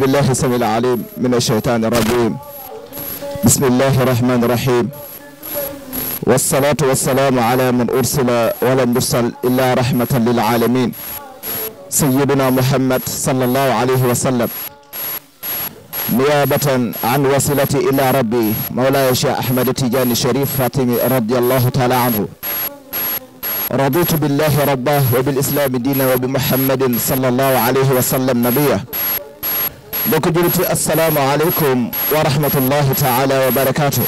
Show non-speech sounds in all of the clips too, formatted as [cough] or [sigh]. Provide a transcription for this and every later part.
بالله السميع العليم من الشيطان الرجيم بسم الله الرحمن الرحيم والصلاة والسلام على من أرسل ولم يرسل إلا رحمة للعالمين سيدنا محمد صلى الله عليه وسلم نيابة عن وصلة إلى ربي مولاي الشيخ أحمد تيجاني الشريف فاطمي رضي الله تعالى عنه رضيت بالله رباه وبالإسلام دينا وبمحمد صلى الله عليه وسلم نبيه بكبرتي السلام عليكم ورحمة الله تعالى وبركاته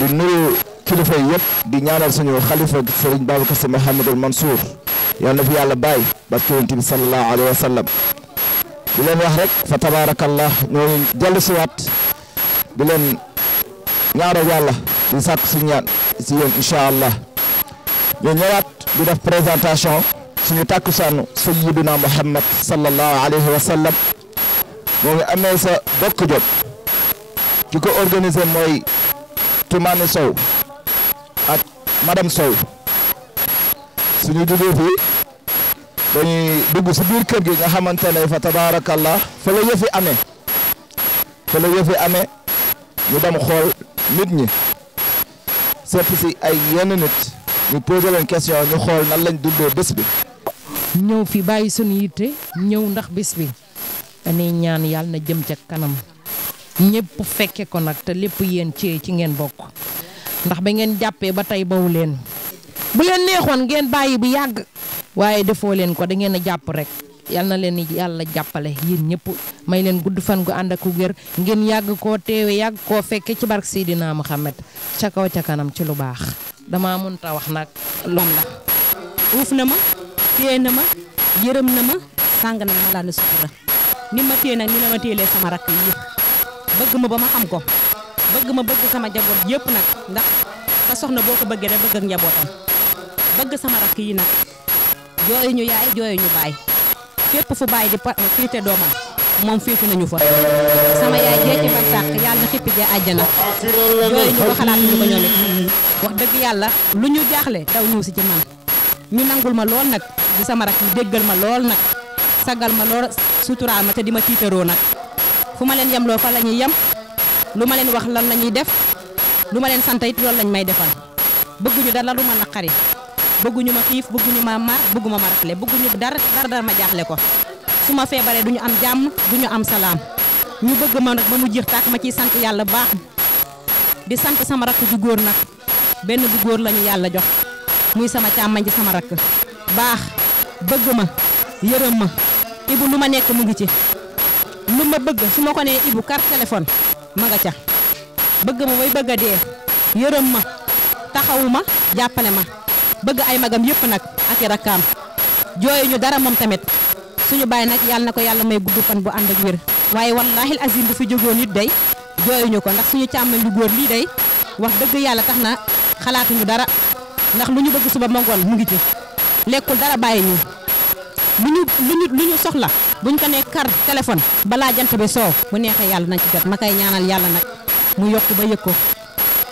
بنور كلفة يب دينار سنو خليفة سرين بابك محمد المنصور يا نبي الله باي بكين تبي صلى الله عليه وسلم بلن يحرك فتبارك الله نوي جلسوات بلن نارا يا الله بساك سنيان سيون إن شاء الله ينيرات بدف بريزانتاشن سنو تاكسان سيدنا محمد صلى الله عليه وسلم moo ngi amee sa bokk jot ki ko organisé mooy Toumane Sow ak madame Sow suñu duggee fi dañuy dugg si biir kër gi nga xamante ne fa tabaarakallah fa la yëfi amee fa la yëfi amee ñu dem xool nit ñi seet si ay yenn nit ñu posé leen question ñu xool nan lañ dundee bés bi. ñëw fi bàyyi suñu yitte ñëw ndax bés bi. dañuy ñaan yàlla na jëm ca kanam ñëpp fekke ko nag te lépp yéen ci ci ngeen bokk ndax ba ngeen jàppee ba tey bawu leen bu leen neexoon ngeen bàyyi bu yàgg waaye defoo leen ko da ngeen a jàpp rek yal na leen yàlla jàppale yéen ñëpp may leen gudd fan gu ànd ak wér ngeen yàgg koo teewe yàgg koo fekke ci barke Seydina Muhammad ca kaw ca kanam ci lu baax dama mënta wax nag lool la uuf na ma téye na ma yërëm na ma sàng na ma laa la sutura ni ma téye nag ni la ma téyelee sama rakk yi yëpp bëgg ma ba ma xam ko bëgg ma bëgg sama njaboot yëpp nag ndax sa soxna boo ko bëggee rek bëgg ak njabootam bëgg sama rakk yi nag jooyu ñu yaay jooyu baay képp fu baay di féete doomam moom féete nañu fa sama yaay jee ci ban yàlla na xippi jee àjjana jooyu ñu ko xalaat ñu ko ñoo wax dëgg yàlla lu ñu jaaxle daw ñëw si ci man ñu nangul ma lool nag di sama rakk yi déggal ma lool nag sagal ma lor sutural ma te di ma tiitaroo nag fu ma yam. Lo fa lañuy yam luma len wax lan lañuy def luma len sante it lol lañ may defal bëgguñu dara luma nakari bëgguñu ma bëgguñu ma mar bëggu ma marafle bëgguñu dara dara dara ma jaxlé ko suma febaré duñu am jam, duñu am salam. ñu bëgg ma nak ba mu jix tak ma ci sante yalla baax di sante sama rakk ju góor nak benn bu góor lañu yalla jox muy sama raku. Bah, sama baax bëgg yërëm ma Ibou lu ma nekk mu ngi ci lu ma bëgg su ma ko nee Ibou carte téléphone ma nga ca bëgg ma bay bëgg a dee yërëm ma taxawu ma jàppale ma bëgg ay magam yëpp nag ak i rakkaam jooyu ñu dara moom tamit suñu bàyyi nag yàlla na ko yàlla may gudd fan bu ànd ak wér waaye wallaahi azim bu fi jógoon nit day jooyuñu ko ndax suñu càmmañ lu góor lii day wax dëgg yàlla tax na xalaatuñu dara ndax lu ñu bëgg suba ma mu ngi ci lekkul dara bàyyi ñu lu ñu lu ñu ñu soxla buñ ko nee kar téléphone balaa jant bi soow bu neexee yàlla nañ ci jot ma koy ñaanal yàlla nag mu yokk ba yëg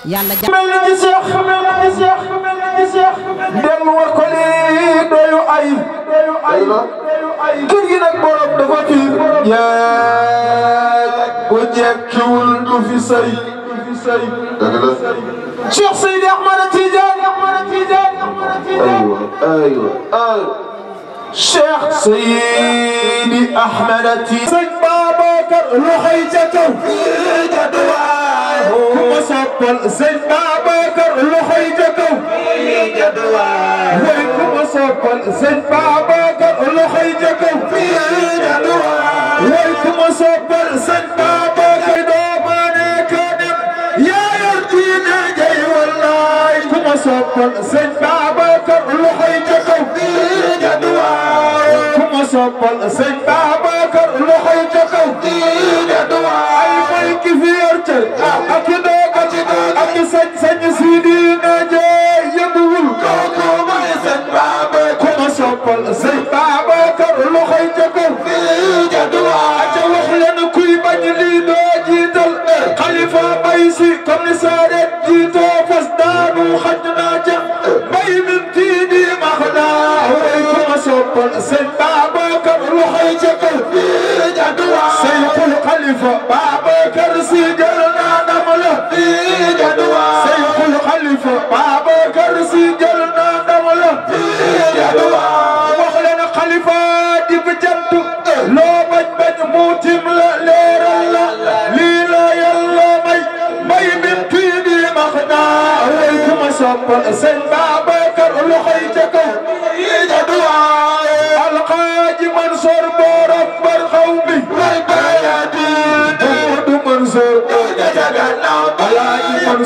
yàlla ja mel ni ci seex ay kër gi nag borom dafa tiir jeeg bu jekkiwul du fi sëy du fi sëy dëgg la Cheikh Seydi Ahmada Tidiane Ahmada Tidiane aywa aywa شيخ سيدي أحمد سيد بابا بكر لحيته في جدواه وصبل سيد بابا كر لحيته في جدواه ويكم صبل سيد بابا كر لحيته في جدواه ويكم صبل سيد بابا بكر دوبانا كنم يا يرجينا جي والله كم صبل سيد بابا soppal sëñ Babacar loxoy ca kaw diine du ay fay ki fi yor cër ah, ak i doogati ak i sañ sañ si diine jee yënguwul kooku mooy sëñ Babacar ku ma soppal sëñ Babacar loxoy ca kaw diine du aca ah, wax leen kuy bañ lii doo jiital xalifa bay si commissaire jiitoo fas daanu xaj naa ca bay mi toppal sëñ Babacar lu xëy ca kër fii ja duwaa Seydul Xalifa Babacar si jël naa ndam la fii ja duwaa Seydul Xalifa Babacar si jël naa ndam la fii ja duwaa wax leen xalifa di bi jant loo bañ bañ muutim la leeral la lii la yàlla may may bim fii di max naa way ku ma soppal sëñ Babacar lu xëy ca kaw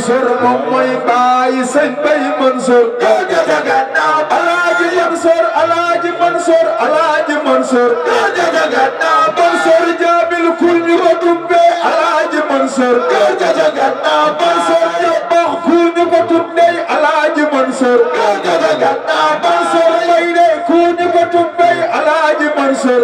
Mansour moom mooy jaabil kul ko tubbee alaaji Mansour Mansour ya baax kul ñu ko tubbee alaaji Mansour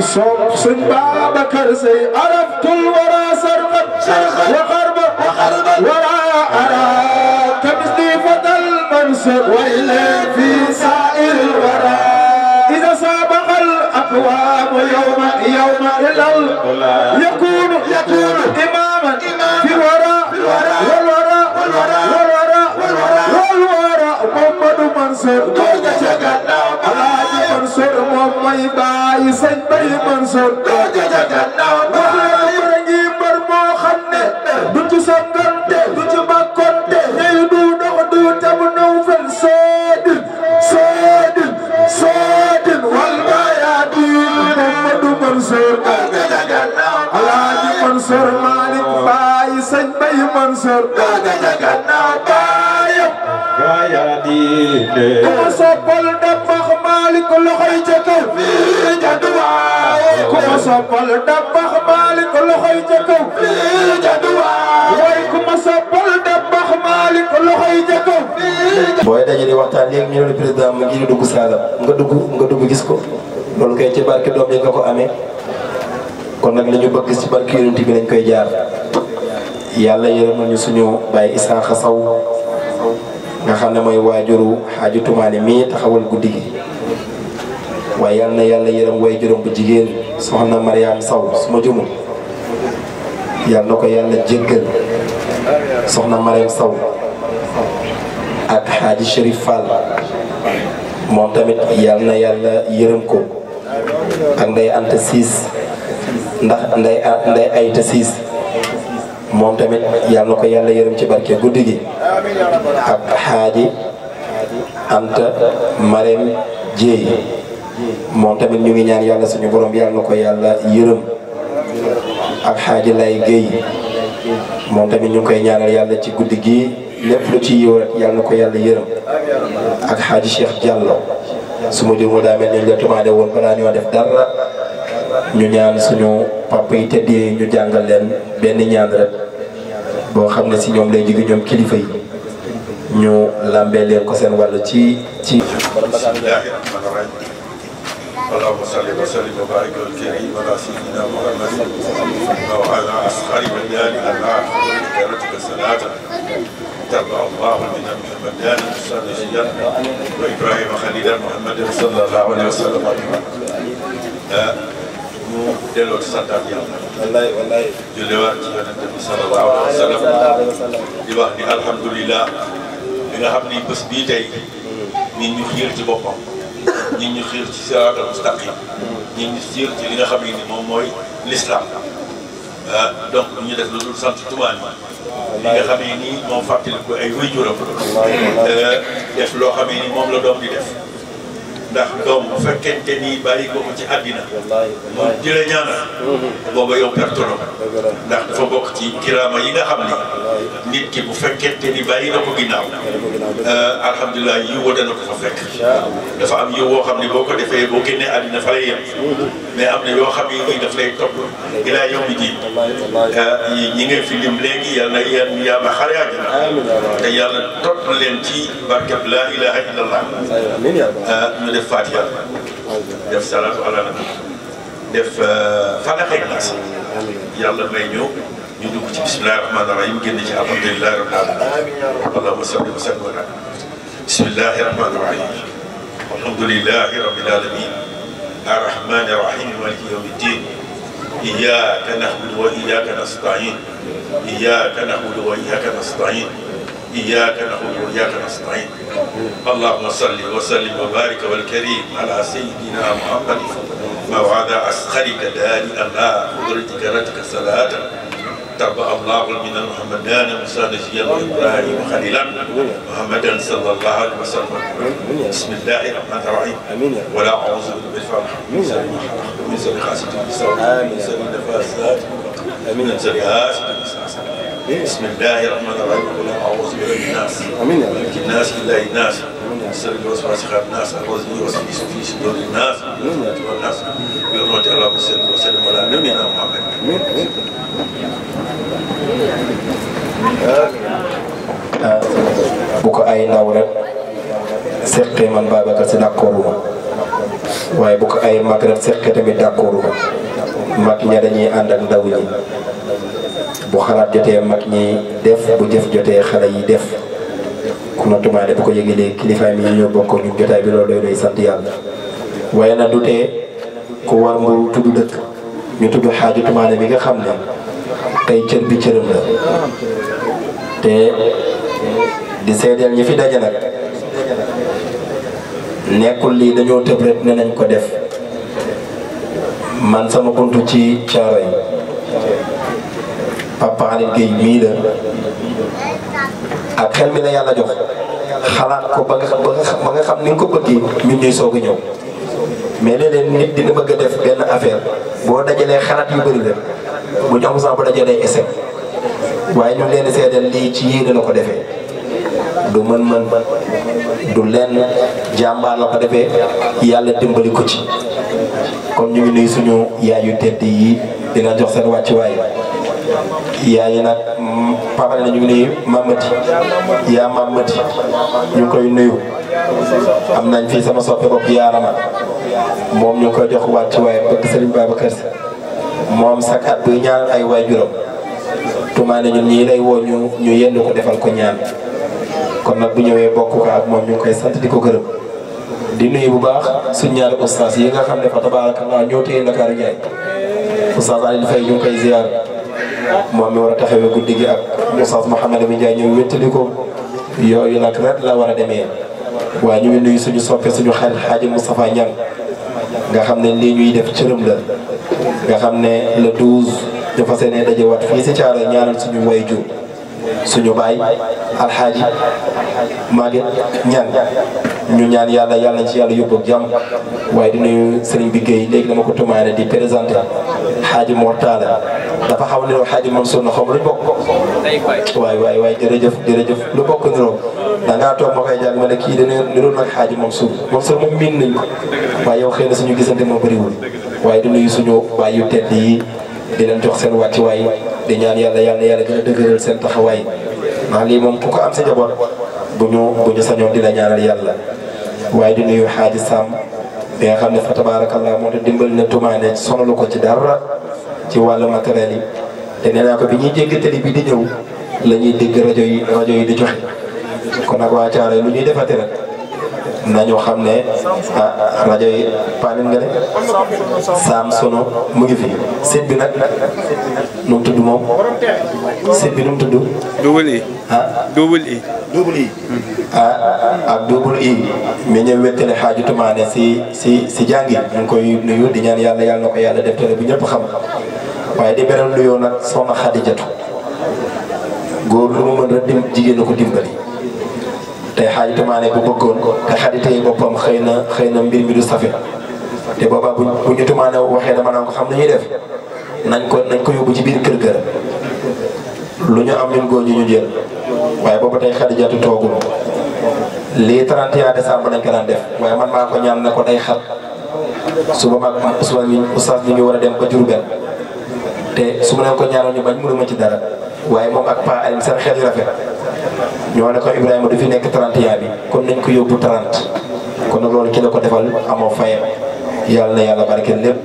صم بابكر زي عرفت الورى سرقت وخرب ورى أرى كمثلي فتى المنصر وإلا في سائر الورى إذا سابق الأقوام يوم يوم إلى يكون يكون إماما في الورى والورى والورى والورى والورى محمد منصور دولة جعلنا Mansour moom mooy bàyyi sëñ bay Mansour doo jaja gannaaw maa ngi mbër moo xam ne du ci songante du ci bakkonte ñëy du dox du tabu naw fen soodin soodin soodin wal baayaa diine Madu Mansour doo jaja gannaaw Alaaji Mansour Malick bàyyi sëñ bay Mansour doo jaja gannaaw baayam baayaa diine maaliku loxoy ca kaw ku ma soppal dabbax maaliku loxoy ca kaw booy daje waxtaan léegi ñu ne président mu ngi dugg saalum nga dugg gis ko loolu kay ci barke doom yi nga ko amee kon nag la bëgg ci barke yonent bi koy jaar yàlla yërëm nañu suñu bàyyi Isaaxa Saw nga xam ne mooy waajuru xaaju tumaane mii taxawal guddi gi waaye yal na yàlla yërëm way juróom bu jigéen soxna Mariam Saw suma ma na ko yàlla jéggal soxna ak Xaaji Chérif moom tamit yal na yàlla yërëm ko ak nday anta siis ndax nday nday ayta siis moom tamit yal na ko yàlla yërëm ci barke guddi gi ak Xaaji Anta Mariam Jéey moom tamit ñu ngi ñaan yàlla suñu borom yàlla na ko yàlla yërëm ak xaaji lay géey moom tamit ñu ngi koy ñaanal yàlla ci guddi gi lépp lu ci yow rek yàlla ko yàlla yërëm ak xaaji Cheikh Diallo su ma jëmoo daa mel ni ñu la def dara ñaan suñu papa yi tedd benn ñaan rek boo xam ne si ñoom lay jóge ñoom kilifa yi ñu làmbee leen ko seen wàll ci ci. اللهم صل وسلم وبارك والكريم على سيدنا محمد وعلى اصحاب من يال الانعام وذكرتك صلاه تبع الله بنا محمدان صلى سيدنا وابراهيم خليلا محمد صلى الله عليه وسلم mu delloo ci santaat yàlla. wallaay wallaay. julliwaat ci yonente bi sallallahu alayhi wa sallam. di wax ni alhamdulilah. li nga xam ni bés bii tey. nit ñu xiir ci boppam. ñi ñu xiir ci siraatal mustaqim ñi ñu xiir ci li nga xam ne ni moom mooy l'islam ah, donc ñu def lu dul sant Tuubaa li nga xam ne nii moom fàttaliku ay wéjuram ah, def loo xam ne moom la doom di def ndax doom bu fekkente ni bàyyi ko ci àddina mu di la ñaanal mm-hmm. booba yow perte ndax dafa bokk ci kiraama yi nga xam ni nit ki bu fekkente ni bàyyi na ko ginnaaw euh, alhamdulilah yi woote na ko fa fekk dafa am yow woo xam ne boo ko defee boo génnee àddina fa lay yem mm-hmm. am na yoo xam ne daf lay topp ilaa yow mi ji ñi nga fi lim léegi yàlla na yéen yaa ma xare àddina te yàlla topp leen ci barkeb la ilaha illallah def Fatiha def salaatu ala nabi def Falaq ak Naas yàlla may ñëw ñu dugg ci bismillahi rahmaani rahim génn ci alhamdulillahi rabbil alamin allahumma salli wa sallim ala bismillahi rahmaani rahim alhamdulillahi rabbil alamin arrahmaani rahim maliki yawmi ddin iyyaka na'budu wa iyyaka nasta'in iyyaka na'budu wa iyyaka nasta'in إياك نعبد وإياك نستعين اللهم صل وسلم وبارك والكريم على سيدنا محمد موعد عسكرك دار الله قدرتك رتك صلاة تبع الله من محمدان موسى نجيا وابراهيم خليلا محمدا صلى الله عليه وسلم بسم الله الرحمن الرحيم ولا اعوذ بالفعل من شر من شر حاسد من شر النفاسات من شر حاسد بسم الله الرحمن الرحيم قل اعوذ برب الناس امين ملك الناس اله الناس سر الوسواس خاف الناس الرزق يوسوس في صدور الناس يتبع الناس برحمة الله صل وسلم على نبينا محمد امين buko ay ndaw rek seqe man babaka si d'accorduma waaye bu ko ay mag rek seqe tamit d'accorduma mag ña dañuy ànd ak ndaw ñi bu xalaat jotee mag ñi def bu jëf jotee xale yi def ku ma tumaane bu ko yëgalee kilifaay mi ñu ñoo bokk jotaay bi loolu day sant yàlla waaye nag du ku war mu tudd dëkk ñu tudd xaaju tumaane bi nga xam ne tey cër bi cëram la te di seedeel ñi fi daje nag nekkul lii dañoo tëb rek ne nañ ko def man sama buntu ci caaro yi Papa Alioune Guèye mii la ak xel mi la yàlla jox xalaat ko ba nga xam ba nga xam ni nga ko bëggee ñun ñuy soog a ñëw mais léeg-léeg nit dina bëgg a def benn affaire boo dajalee xalaat yu bëri la bu jox sax bu dajalee échec waaye ñu leen seedal lii ci yéene la ko defee du mën-mën du lenn jàmbaar la ko defee yàlla dimbali ko ci kon ñu ngi nuyu suñu yaay yu tedd yi dina jox seen wàccuwaay. yaay yi nag mm, papa na ñu ngi nuyu Mamadi yaa Mamadi ñu koy nuyu am nañ fii sama soppe bopp yaarama moom ñu ngi koy jox wàccuwaay bëgg Serigne Babacar Sy moom sa kàddu ñaanal ay waajuram tumaane ñun ñii lay woo ñu ñu yendu ko defal ko ñaan kon nag bu ñëwee bokk ko ak moom ñu koy sant di ko gërëm di nuyu bu baax suñ ñaari ustaas yi nga xam ne fa tabaaraka ñoo téye Ndakaaru Njaay ustaas Aliou Faye ñu koy ziyaar moom mi war a taxawee guddi gi ak Oustaz Mouhamed Lamine Ndiaye ñëw wéttali ko yooyu nag nag la war a demee waaye ñu ngi suñu soppee suñu xarit Xaaji Moustapha Niang nga xam ne lii ñuy def cërëm la nga xam ne le 12 dafa seenee dajewaat fii si Thiaroye ñaanal suñu wayju suñu baay alxaaji Maguette ñaan ñu ñaan yàlla yàlla nañ ci yàlla yóbbu ak jàmm waaye di nuyu Serigne bi Gueye léegi dama ko tumaane di présenté xaaji Mortala dafa xaw niroo xaaji Mansour na xaw ma lu bokk waay waay waay jërëjëf jërëjëf lu bokk niroo da ngaa toog ma koy jàng ma ne kii dana niroo nag xaaji Mansour Mansour moom miin nañ ko waaye yow xëy na suñu gisante moo bëriwul waaye di nuyu suñu baay yu yi di leen jox seen wàccuwaay di ñaan yàlla yàlla yàlla a dëgëral seen taxawaay ndax lii moom ku ko am sa njaboot bu di la yàlla waaye di nuyu xaaji Samb bi nga xam ne fa tabaarakallah moom te dimbali na tumaane sonalu ko ci dara ci wàllu matériel yi te nee naa ko bi ñuy jégg tali bi di jëw la ñuy dégg rajo yi rajo yi di joxe kon nag waa Thiaroye lu ñuy defati rek nañu xam ne ah a yi panin Sono mu ngi fi site nag nu tudd moom site tudd. double i. ah double i. double i. ah ak double i mi ñëw wettale xaaju si si si jàng yi ñu ngi koy nuyu di ñaan yàlla yàlla na ko yàlla def tele bu ñëpp xam. waye di beral nuyo nak sama khadijatu goor lu mu mën rek dim jigéen ko dimbali tay xaajate maa ne bu bëggoon ka khadijatu boppam xëy xeyna xëy mbir mi du safe te baba bu bu ñu tumaane waxee dama nang ko xam nañu def nañ ko nañ ko yóbbu ci biir kër kër lu ñu am ñun góor ñu ñu jël waaye booba tey Xadijatu toogul li 31 décembre nañ ko daan def waye man maa ko ñaan nako day xat suba maag suba mi oustaz ñu wara dem ba jurgal te su ma leen ko ñaanoon ñu bañ mënuma ci dara waaye moom ak Pa Alioune seen xel yu rafet ñoo ne Ibrahima du fi nekk 31 bi kon nañ ko yóbbu 30 kon nag loolu ki la ko defal amoo fayam yàlla na yàlla barkeel lépp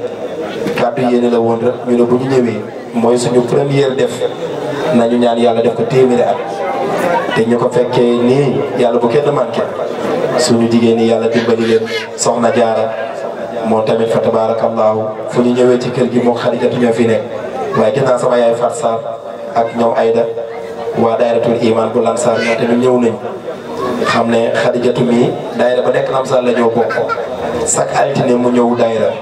kàddu yéene la woon rek ñu ne bu ñu ñëwee mooy suñu première def nañu ñaan yàlla def ko téeméeri at te ñu ko fekkee nii yàlla bu kenn manqué suñu jigéen ñi yàlla dimbali leen soxna jaara moo tamit fa tabaarakallaahu fu ñu ñëwee ci kër gi moo xarijatu fi nekk ولكن أنا أقول فرصة أن أيضا ودائرة الإيمان بلان سار ناتي نيو نيو نيو خامنا خديجة مي دائرة بو نيك نام سار لا نيو بوكو ساك أليت نيو مو نيو دائرة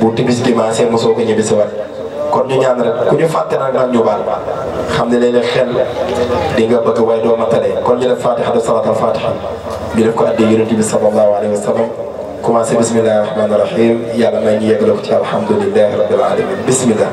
بو تيبيس كي ماسي مو أن نيبي سوات كون ني نيان رك كوني فاتي نان نان نيو بار خامنا لي لي خيل ديغا بك واي دو ماتالي كون ني لا فاتحة صلاة الفاتحة أن ديف كو ادي يونتي بي صلى الله عليه وسلم كوماسي بسم الله الرحمن الرحيم يا لما نيي الحمد لله رب العالمين بسم الله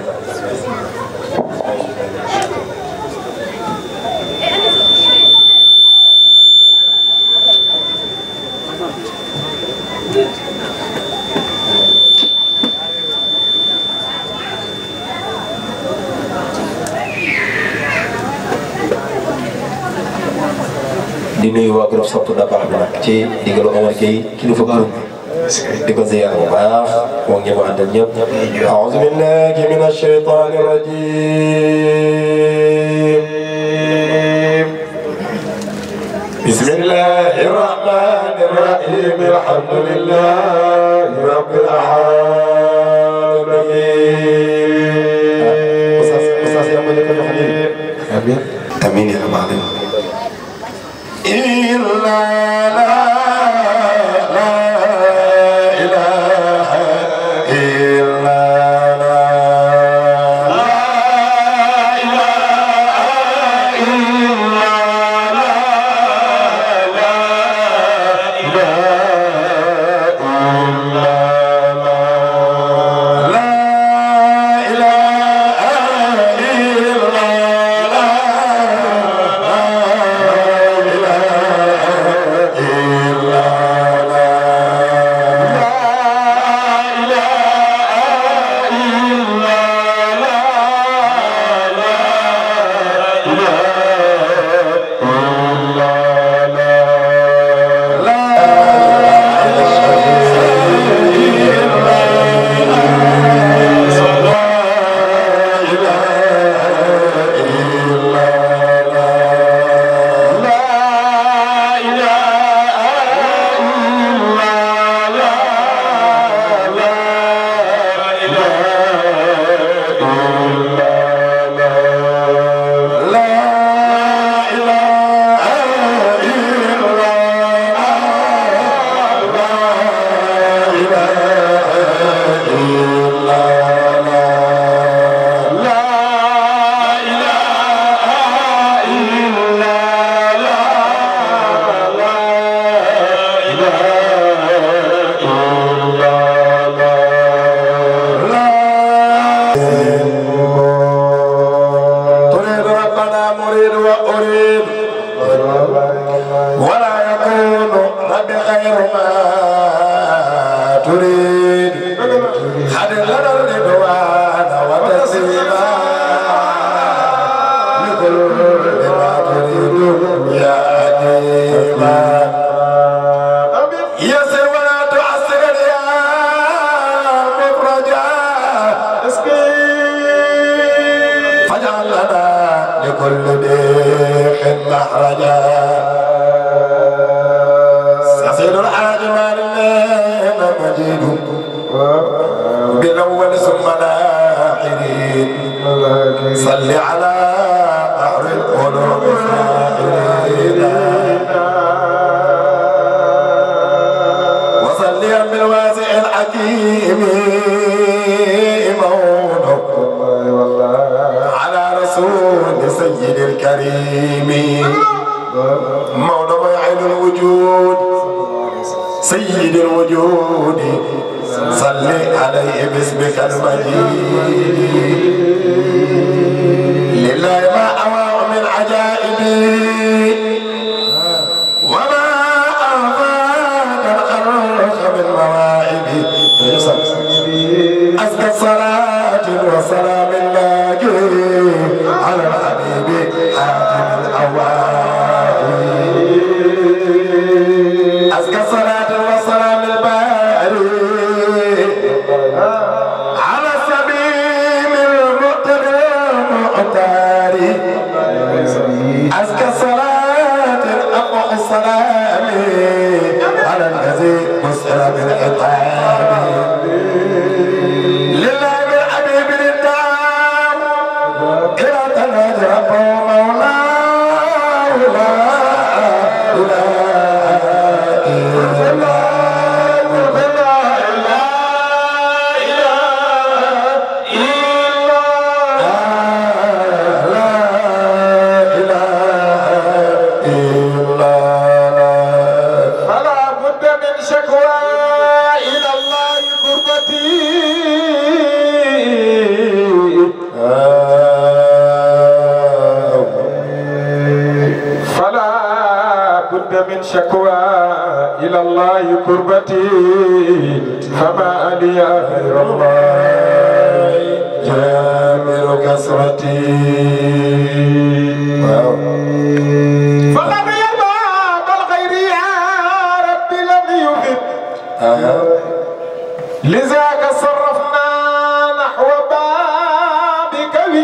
nuyu waa groupe sopp da baax bi nag ci ndigalu Omar Gueye kilifa groupe bi di ko ziyaar bu baax moo ngi mu àndal ñëpp أعوذ بالله من الشيطان الرجيم بسم الله الرحمن الرحيم الحمد لله رب العالمين آمين يا رب العالمين إلا لا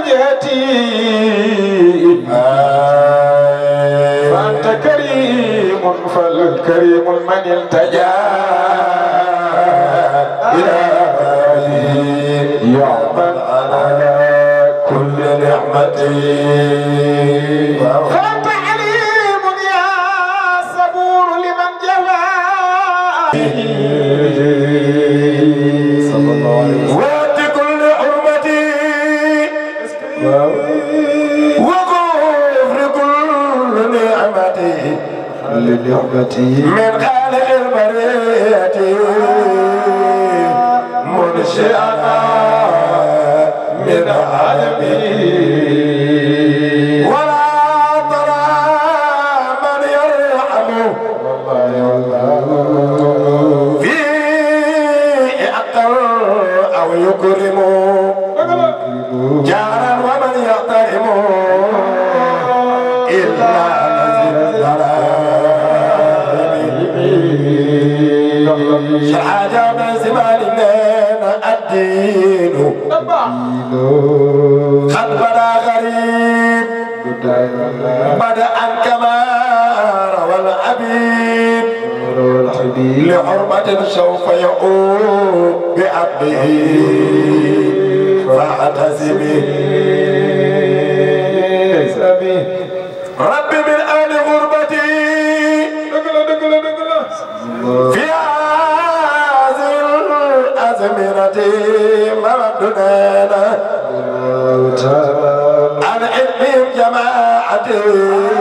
وجهتي فأنت كريم فالكريم من التجاه لعبتي من خالق البرية منشئ لحرمة سوف يقوم بعبده فاعتزم رب من آل غربتي في هذه الأزمنة مردنا عن علمهم جماعتي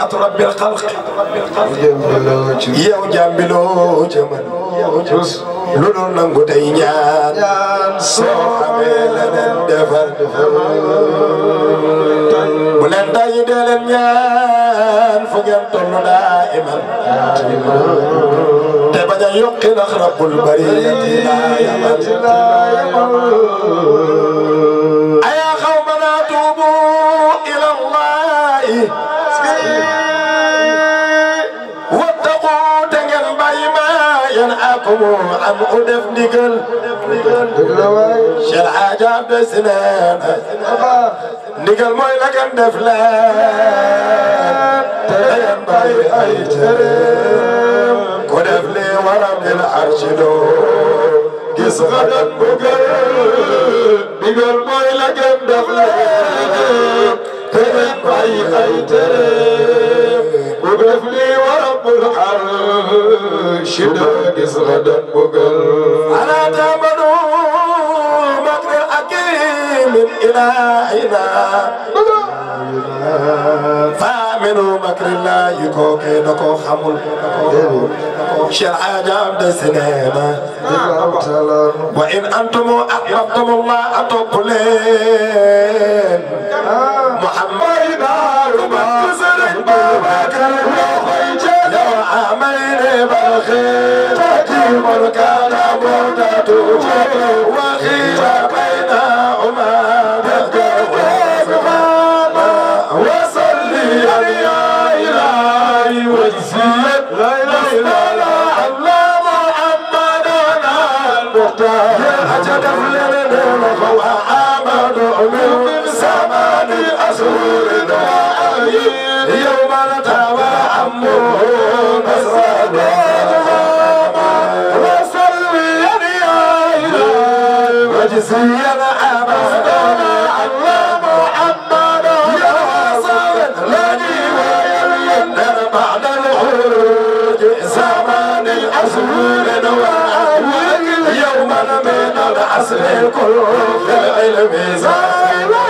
at rabbil xalq yow jàmbiloo ca man lu dul nangu tey ñaan soo la leen defar bu leen tàyyi dee leen ñaan fu ngeen toll daa iman te bañ a yokki ndax rabbul bari la عم قدف نقل شل عجاب بسنان نقل موي لك النفلان ترين باي اي ترين قدف لي ورب العرش دو قس غدا بقل نقل موي لك النفلان ترين باي اي ترين قدف لي ورب العرش دو قس غدا dogal ala tabadu makr akim ilahina faaminu makri laahi kooke da ko xamul da ko Cheikh Adam de cinéma wa in antum aqrabtumullah atopleen Muhammad دائم الخير تديم الكلام تدوم وخير بين زين أمامنا الله محمد يا صارت لني ويلنا بعد العروج زمان الأزور نواوي يوما من العصر الكل في العلم زاهي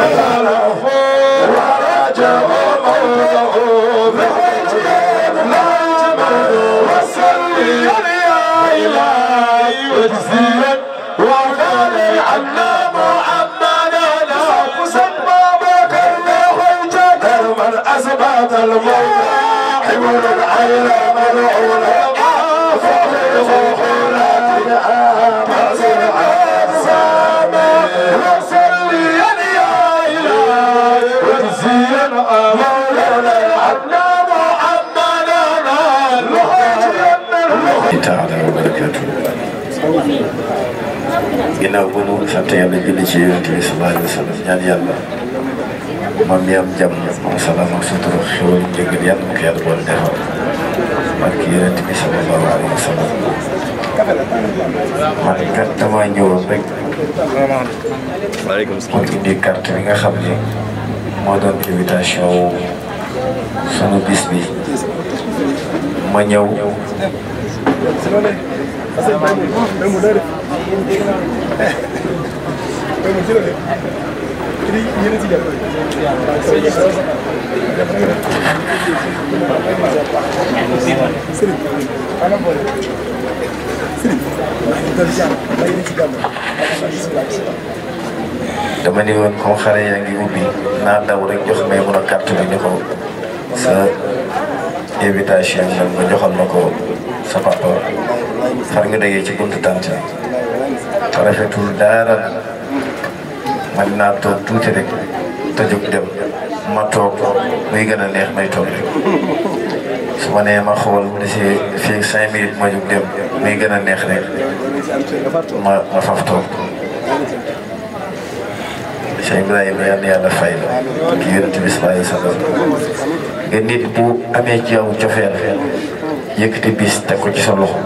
ginnaaw ba nu sant yàlla julli ci yonent bi sallallahu alayhi wa sallam ñaan yàlla moom mi am jàmm moom salaam ak sutura xéwal njëgal yàlla mu ko yàlla boole defal barke Mari bi sallallahu alayhi wa sallam man kat damaa ñëwoon rek pour indi carte bi nga xam ne moo doon invitation sunu bis bi ma ñëw dama ni woon yang xale yaa ngi daw rek jox may carte bi ni ko sa invitation nga joxal ma sa papa xar nga dégee ci buntu tànt rafetul dara man naa tuuti rek te jóg dem ma toog muy gën a neex may toog rek su ma nee ma xool mu desee fii cinq minutes ma gën a neex rek yàlla fay la ki yonent bi nga nit bu amee ci yow cofeel yëkkati bis teg ko ci sa loxo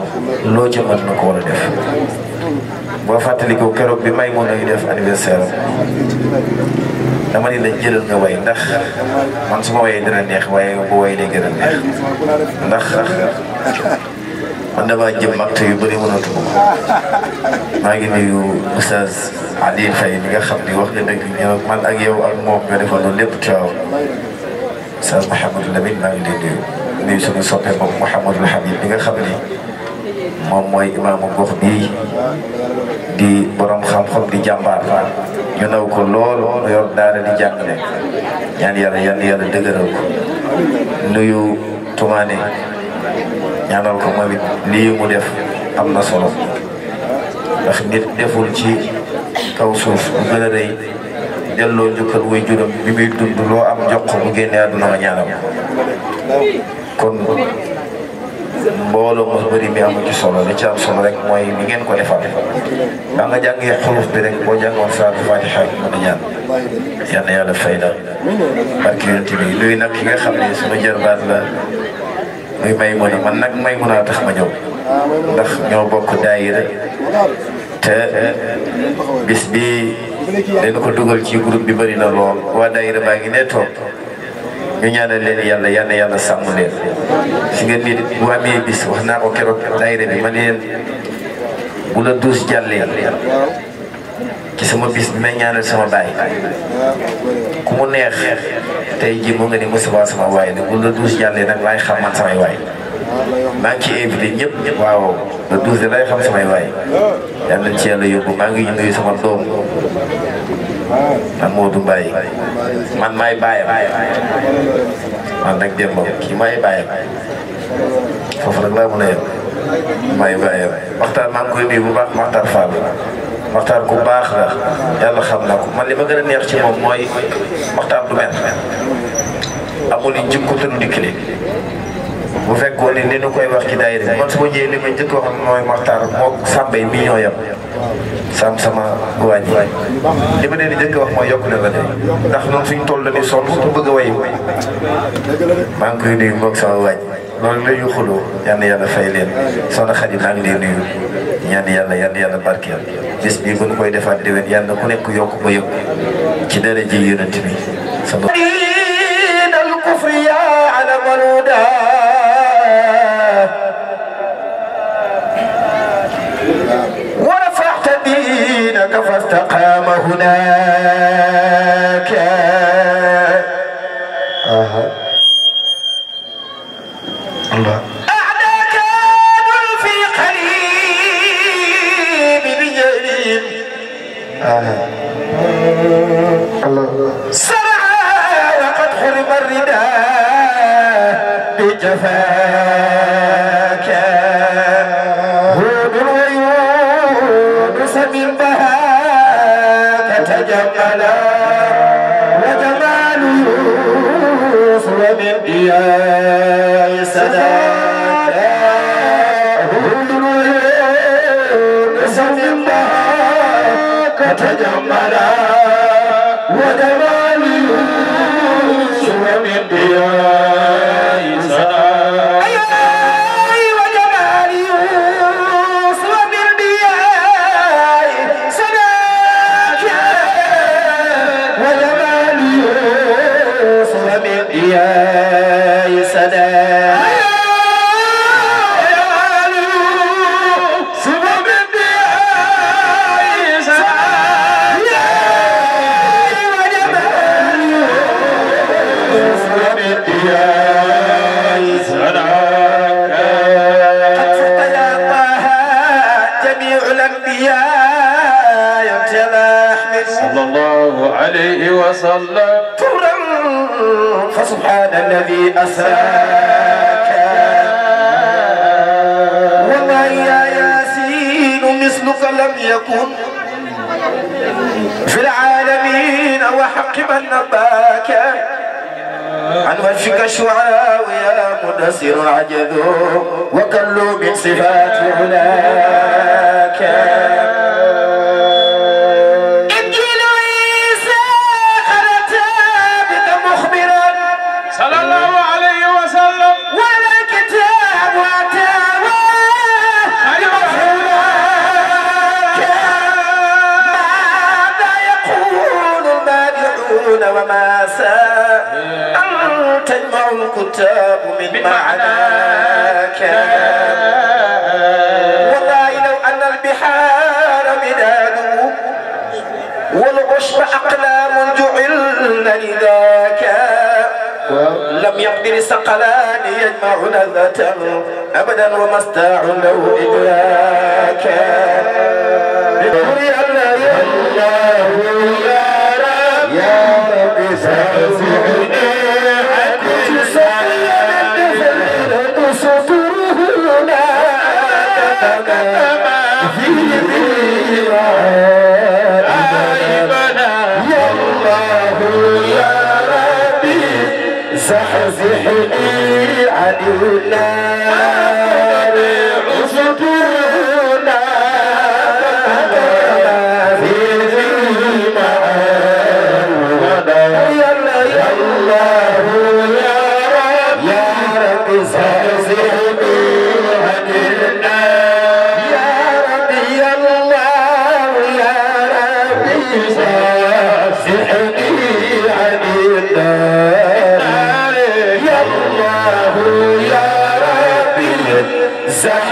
loo ca mën na def boo fàttalikoo keroog bi may mun a def anniversaire dama ne la jëlal nga way ndax man su ma wayee dina neex waaye bu way day gën a neex ndax man damaa jëm acte yu bëri mënatu ko maa ngi nuyu oustaz Aliou Faye mi nga xam ni wax nga dëgg man ak yow ak moom nga defal loolu lépp coow oustaz Mouhamadou Lamine maa ngi lay nuyu nuyu suñu soppe moom Habib mi nga xam moom mooy imaamu gox bii di borom xam-xam di jàmbaar ñu naw ko lool yor daara di jàngale ñaan yàlla yan yàlla dëgëral ko nuyu tumaane ñaanal ko moom it lii mu def am na solo ndax deful ci kaw suuf bu gën a rëy delloo njukkal way juróom bi muy dund loo am jox ko bu génne àdduna ma ñaanam kon mbooloo mos bëri mi amu ci solo li ci am solo rek mooy mi ngeen ko defal daa nga jàngee xuruf bi rek boo jàngoon saa Faatiha mën a ñaan yal yàlla fay la barke yonent nag ki nga xam ne sunu jërbaat la muy may mën a man nag may mën a tax ma ñëw ndax ñoo bokk daayira te bis bi dañ ko dugal ci groupe bi bëri na lool waa daayira baa ngi ne ñu ñaanal leen yàlla yal yàlla sàmm leen si nga nit bu amee bis wax naa ko keroog daayira bi ma ne leen bu la duus jàllee ci sama bis may ñaanal sama baay ku mu neex tey jii mu nga ni Moustapha sama waay ne bu la duus jàllee nag laay xam man samay waay maa ngi ciy invité ñëpp waaw la duus de laay xam samay waay yal na ci yàlla yóbbu maa ngi nuyu sama doom man du Mbaye man maay baayam man nag Demba kii maay baayam nag laa mën a yem maay baayam waxtaan maa koy nuyu bu baax waxtaan Fall waxtaan ku baax la yàlla xam naa ko man li ma gën a neex ci moom mooy waxtaan du mel amul yi njëkk ko te du dikk bu fekkoon ne ni nu koy wax ci daayira man su ma ñëwee li ma njëkk wax mooy Maxtaar moog Sambay mi ñoo sam sama waañ li ma leen di njëkk wax mooy yokk na la de ndax noonu suñ toll ni sonn su bëgg a way maa ngi koy nuyu moog sama waañ loolu la ñu xuloo yal na yàlla fay leen soxna Xadi maa ngi leen nuyu ñaan yàlla yal na yàlla bis bii bu ñu koy defaat déwén ku nekk yokk ba yëpp ci dara ji yonent bi sama. الكفر يا علم هناك آه. الله أعداك في قريب آه. الله سرعى وقد حرم الرداء بجفاك آه. هود ويونس من جملا وجمال يوسف من ضياء سداد سمن بها كتجملا وجمال صلى كبرا فسبحان الذي أساك وما يا ياسين مثلك لم يكن في العالمين وحق من نباك عن وجهك شعاع يا منسر عجد وكل من صفات هناك تجمع الكتاب من معناك والله لو أن البحار مداد والعشب أقلام جعلنا لذاك لم يقدر سقلان يجمع لذة أبدا وما استعنوا إدراكا يا رب سأسعدنا love.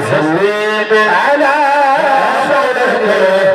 سلينا على سيدنا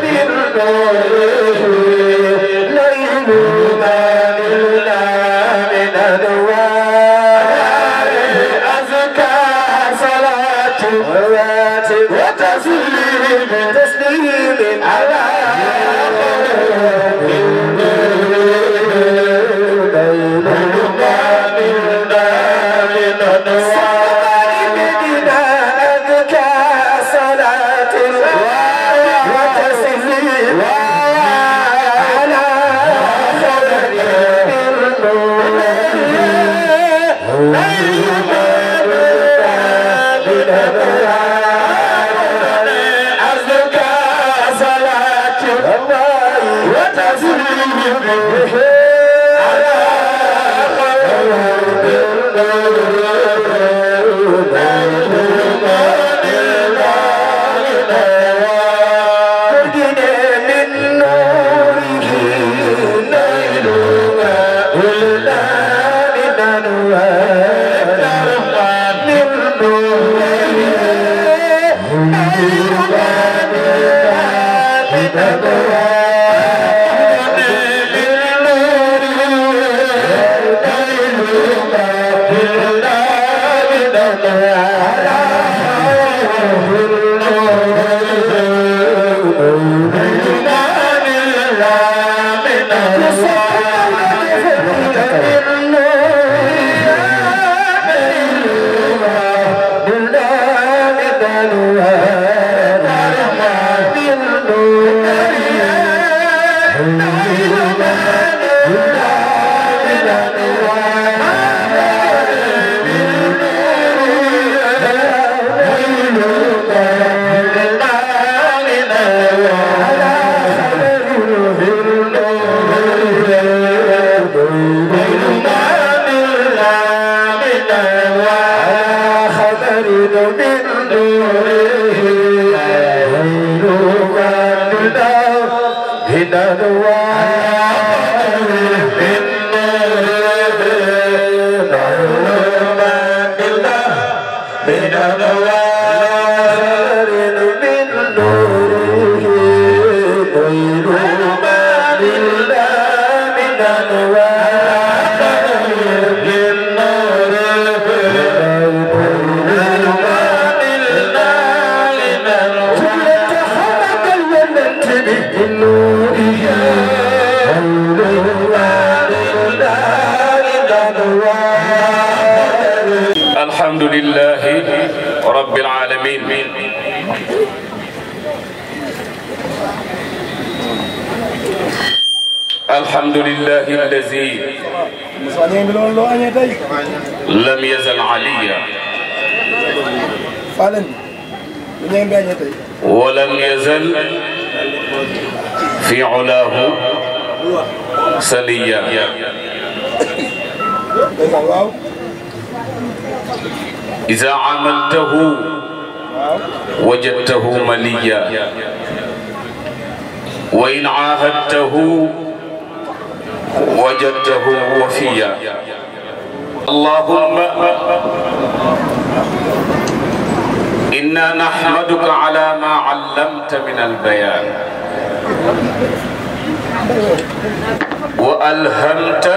رب العالمين الحمد لله الذي لم يزل عليا ولم يزل في علاه سليا إذا عملته وجدته مليا وإن عاهدته وجدته وفيا اللهم إنا نحمدك على ما علمت من البيان وألهمت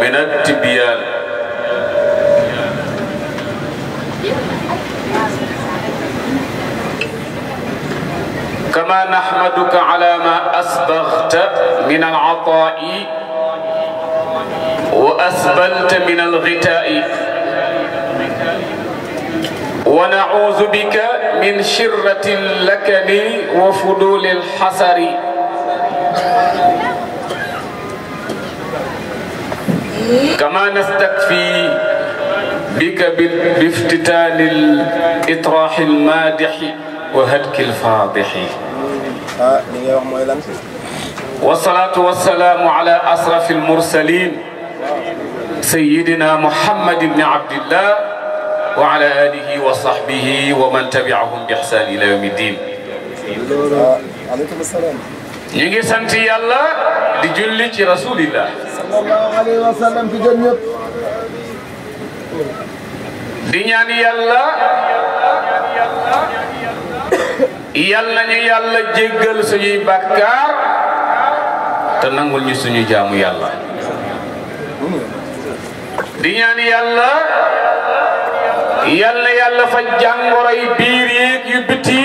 من التبيان كما نحمدك على ما أسبغت من العطاء وأسبلت من الغتاء ونعوذ بك من شرة اللكن وفضول الحسر كما نستكفي بك بافتتان الإطراح المادح وهدك الفاضح والصلاة والسلام على أسرف المرسلين سيدنا محمد بن عبد الله وعلى آله وصحبه ومن تبعهم بإحسان إلى يوم الدين نيجي سنتي الله دي رسول الله صلى الله عليه وسلم في جنة دنيا يعني يلا yal nañu yàlla jéggal suñuy bàkkaar te nangul ñu suñu jaamu yàlla di ñaan yàlla yal yàlla fa jàngoroy biir yéeg yu biti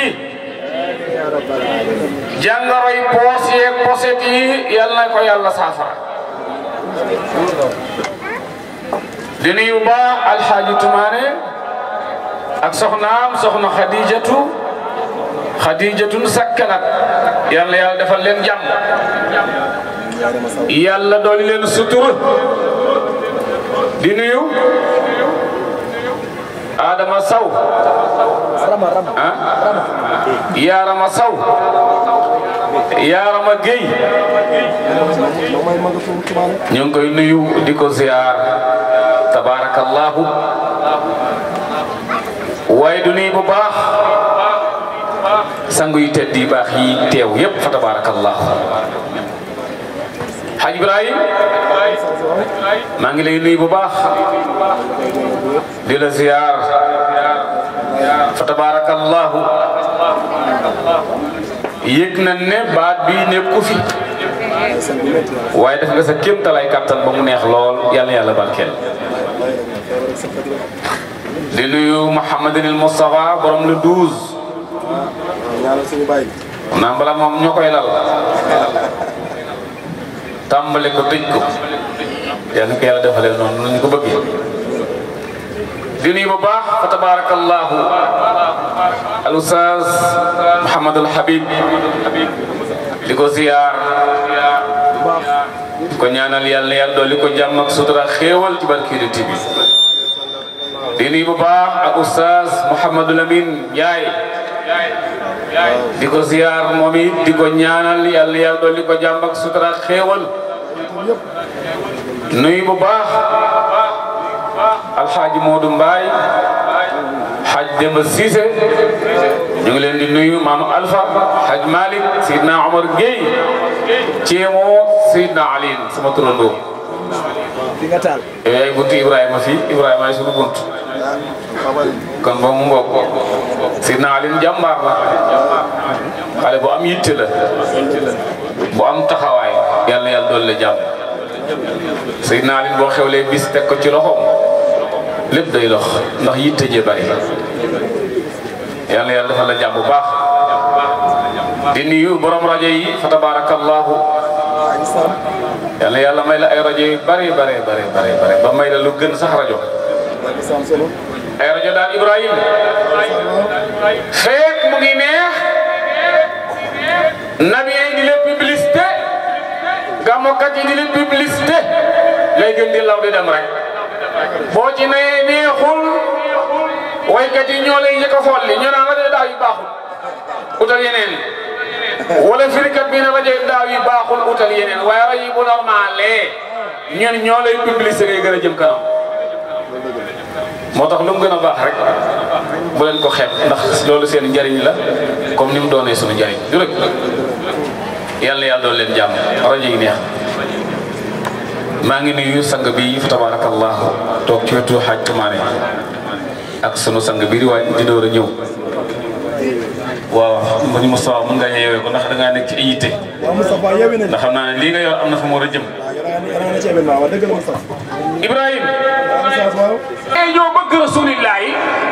jàngoroy poos yeeg poset yi yal na ko yàlla saafara di nuyu baax alxaaji Tumaane ak soxnaam soxna Xadijatu xadijatun sakkanat yàlla yàlla defal leen jàmm yàlla dooli leen sutura di nuyu Adama saw ah Yaarama Sow Yaarama Guèye ñu koy nuyu di ko ziar tabarakallahu waaye du nuyu bu baax. sangu yu tedd yu baax yi teew yépp fa tabaarakallah Xaj Ibrahim maa ngi lay nuyu bu baax di la ziyaar fa tabaarakallahu yëg na ne baat bi nekku fi waaye def nga sa kéemtalaay kàttan ba mu neex lool yàlla yàlla barkeel di nuyu Mouhamadinil Moustapha borom le douze ñaanal suñu bàyyi. naan bala moom ñoo koy lal. tàmbali ko tëj ko. yal na ko yàlla defalee noonu nu ñu ko bëggee. di nuyu bu baax fa tabaarakallaahu al ustaaz Mouhamadul Habib di ko ziyaar di ko ñaanal yàlla yàlla dolli ko jàmm ak sutura xéewal ci barkiiru tibi di nuyu bu baax ak ustaaz Mouhamadul Amin Ndiaye di ko ziyaar moom it di ko ñaanal yàlla ko jàmm ak sutura ak xéewal nuyu bu baax alxaaji Moodu Mbaay xaj Demba Cissé ñu ngi leen di nuyu maam Alpha xaj Malick Alin sama turandoo. di nga taal. yaay eh, buntu Ibrahima fii Ibrahima ay sunu buntu. kon ba mu ngoog Seydina Alioune jàmbaar la xale bu am yitte la bu am taxawaay yàlla yàlla doon la jàmm Seydina Alioune boo xewlee bis teg ko ci loxoom lépp day lox ndax yitte jee bari yàlla yàlla dafa la jàmm bu baax di nuyu borom rajo yi fa tabarakallahu yàlla yàlla may la ay rajo yu bare bare bare bare ba may la lu sax rajo ay rajo daal Ibrahima feek mu ngi neex nabi yi di leen publicité gàmmukat yi di leen lay gën di law di dem rek boo ci ne neexul waykat yi ñoo lay njëkk a folli ñu naan rajo daaw yi baaxul utal yeneen wala firikat bi ne rajo daaw yi baaxul utal yeneen waaye rajo yi bu normale eh, ñun ñoo lay publicité gën a jëm kanam. moo tax lu mu gën a baax rek bu leen ko xet ndax loolu seen njariñ la comme ni mu doonee suñu njariñ du rek yàlla yàlla doon leen jàmm rajo yi neex maa ngi nuyu sang bi fa tabaarakallaahu toog ci wetu xaaj tumaane ak sunu sang bi riwaay dina war a ñëw waaw mu ni Moustapha mun ngaa yeewee ko ndax dangaa nekk ci ay yitte ndax xam naa lii nga yor am na fa mu war a jëm dana ci événement waaw dëgg la mu sax. Ibrahima. waaw. mais ñoo bëgg rasulillah yi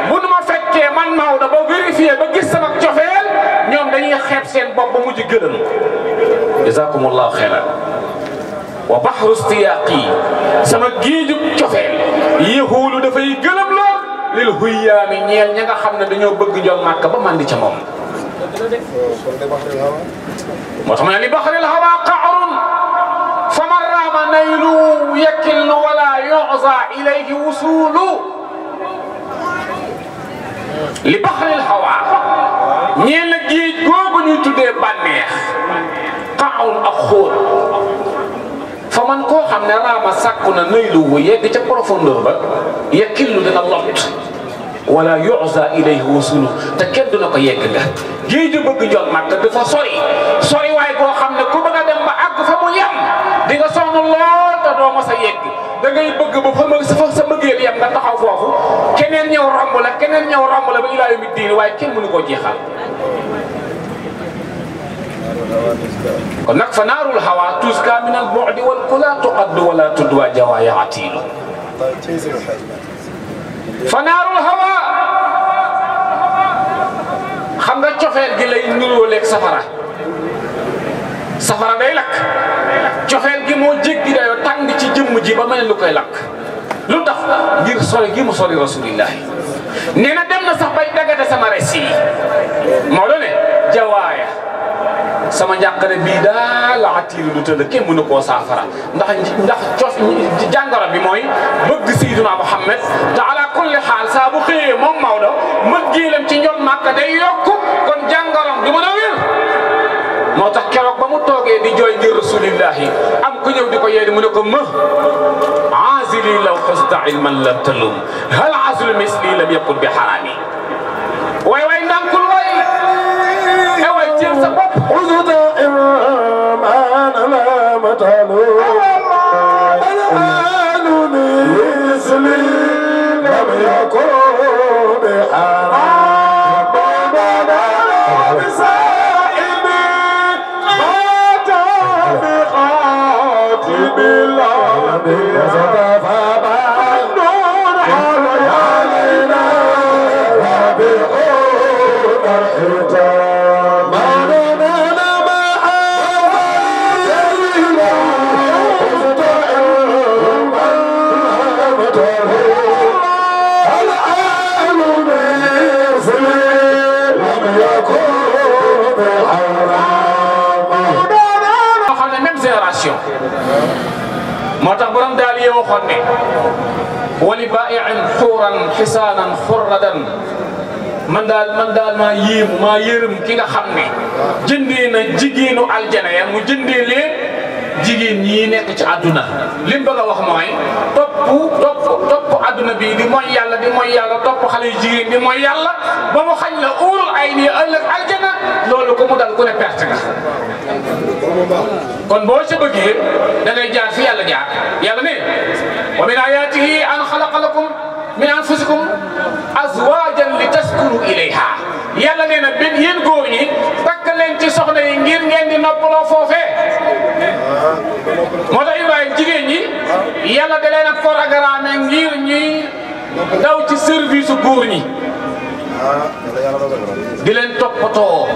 bu nu ma fekkee man Maodo ba vérifié ba gis sama cofeel ñoom dañuy xeeb seen bopp ba mujj gërëm. jazakumullahu xeyran wa bahru istiyaaqi sama géeju cofeel yéexuulu dafay gërëm la lil huyyaami ñeel ña nga xam ne dañoo bëgg jom màkk ba màndi ca moom. moo tax ma ne li baxril hawa نيل يكل ولا يعزى إليه وصول لبحر الهواء نيل جيت جوج نتودي بانيخ قاون أخور فمن كو خمنا را ما ساكونا نيل ويك تي بروفوندور با يكل دنا لوت ولا يعزى إليه وصول تكد نكو يك جيجو بغ جوك مات دفا سوري سوري واي كو yegg da ngay bëgg ba fa ma fa sa mbëggeel yam nga taxaw foofu keneen ñëw romb la keneen ñëw romb la ba ilaa yumi diin waaye kenn mënu koo jeexal kon nag fa naarul hawa tuska min al bu'di wal kula tuqaddu wala tudwa jawaya fa hawa xam nga gila gi lay nuróoleeg safara safara day lakk joxeel gi moo jéggi dayoo tàng ci jëmm ji ba mel lu koy lakk lu tax ngir sori gi mu sori rasulillah nee na dem na sax bay sama resi yi moo doon ne jawaaya sama njàqare bii daal la attiiru lu tëdd kenn mënu koo saafara ndax ndax cof bi mooy bëgg Seydina Muhammad te ala kulli xaal saa bu xëyee moom Maodo mëggeelam ci ñoom Màkka day yokku kon jàngorom du mën a wér toogee di jooy ngir rasulillahi am ku ñëw di ko yeeni mu ne ko ma aasili law xusta ilman lam talum hal aasul misli lam yakul bi xaraami waay waay ndànkul waay e waay jël sa bopp xusuta imaana la matalum bee waxoon ne wali baayin xuuran xisaanan xurradan man daal man daal maa yéemu maa yërëm ki nga xam ne jëndee na jigéenu aljana ya mu jëndee leen jigéen ñi nekk ci àdduna li mu bëgg a wax mooy topp topp topp àdduna bi di mooy yàlla di mooy yàlla topp xale yu jigéen di mooy yàlla ba mu xañ la uurul ay nii ëllëg aljana loolu ko mu dal ku ne perte nga kon boo ca bëggee da ngay jaar fi yàlla jaar yàlla ne wa min ayaatihi an xalaqa lakum min anfusikum li taskunu ilayha yàlla nee na benn yéen góor leen ci soxna yi ngir ngeen di noppaloo foofee moo tax Ibrahima jigéen ñi yàlla da leen a programme ngir ñuy daw ci service góor ñi di leen toppatoo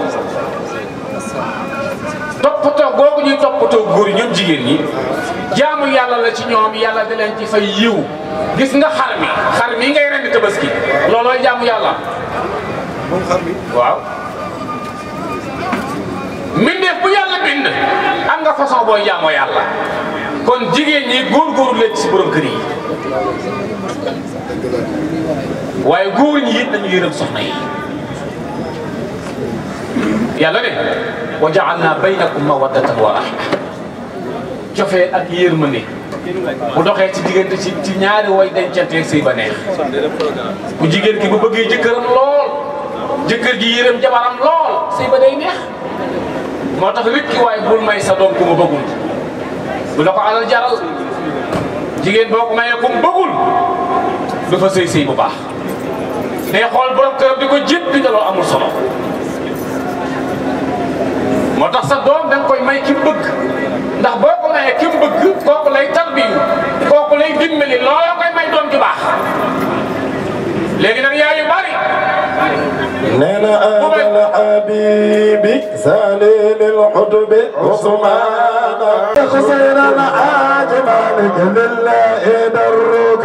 toppatoo googu ñuy toppatoo góor ñun jigéen ñi jaamu yàlla la ci ñoom yàlla da leen ci fay yiw gis nga xar mi xar mi ngay rendi tabaski loolooy jaamu yàlla. moom xar mi waaw. mbindeef bu yàlla bind am nga façon booy jaamoo yàlla kon jigéen ñi góorgóorlu leen ci borom kër yi waaye góor ñi it nañu yërëm soxna yàlla ne wa ja'alna baynakum mawaddatan wa rahma cofee mu ni bu doxee ci diggante ci ci ñaari way dencante sëy ba neex bu jigéen ki bu bëggee jëkkëram lool jëkkër ji yërëm jabaram lool sëy ba neex moo tax rikki waay bul may sa doom ku bëggul bu la a alal jaral jigéen boo ko mayee ku mu bëggul du fa sëy sëy bu baax day xool borom këram di ko jëpp bi amul solo motax sa doom dang koy may ki bëgg ndax boko ko mayee bëgg koku lay tarbiyu koku lay dimbali looloo koy may doom ju bax legi nak yaay yu bari نال آل الحبيب سليل الحدب عثمان خسير العاجمان لله دروك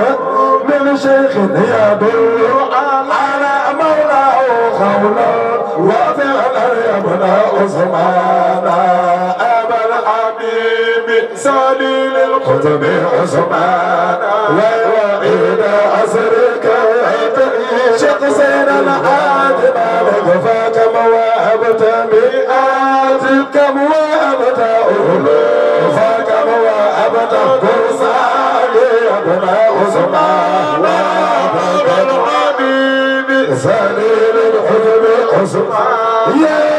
من شيخ يدل على مولاه خولا مولانا عثمان أبا الحبيب سالي للقطب عثمان وإلى عصرك شخصين العادل وفاك مواهبة مئات كم وهبت وفاك مواهبة فرسان أبنا عثمان وأبا الحبيب سالي للقطب عثمان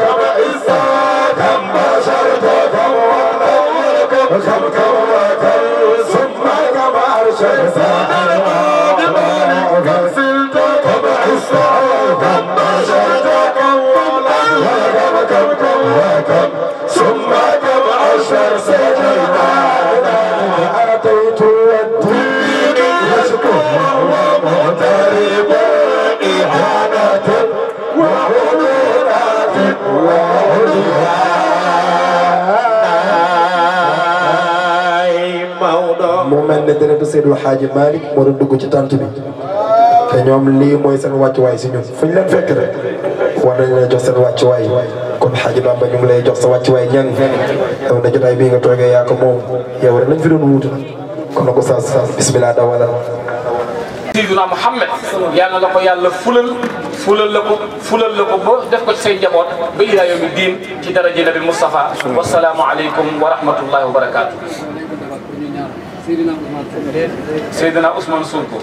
Church deretu Seydou Hadji malik mo do dugg ci tante bi te ñom li moy seen wàccuwaay si ñun fu ñu leen fekk rek war nañ la jox seen way kon Hadji Bamba ñu lay jox sa way ñan taw na jotay bi nga toge ya ko mom yow rek lañ fi doon wut kon na ko sa saas bismillah dawala sayyiduna Muhammad yàlla nga ko yàlla fulal fulal lako fulal lako bo def ko ci say jabot ba ila yawmi din ci daraja nabi Mustafa wasalaamu alaykum wa rahmatullahi wa barakatuh Seydina Ousmane Sonko. Seydina Ousmane Sonko.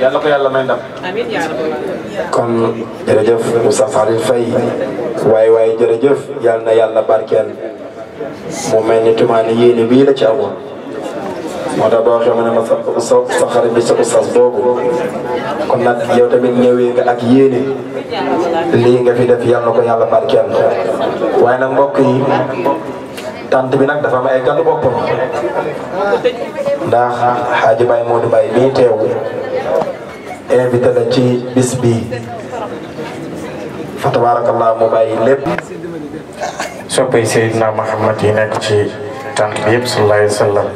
yàlla ko yàlla may ndam. amiin kon jërëjëf Moussa Fallou Faye waaye waaye jërëjëf yàlla na yàlla barkeel mu mel ni tumaani yéene bii la ci amoon. moo tax boo waxee ma ne ma sa bi sa oustaz boobu kon nag yow tamit ñëwee nga ak yéene lii nga fi def yàlla na ko yàlla barkeel waaye nag mbokk tant bi nag dafa am ay gàllu boppam ndax xaaji Baye Modou Baye mii teew invité ci bis bi fa tabarakallah mu bàyyi lépp soppay Seydina Muhammad yi nekk ci tant bi yëpp sallallahu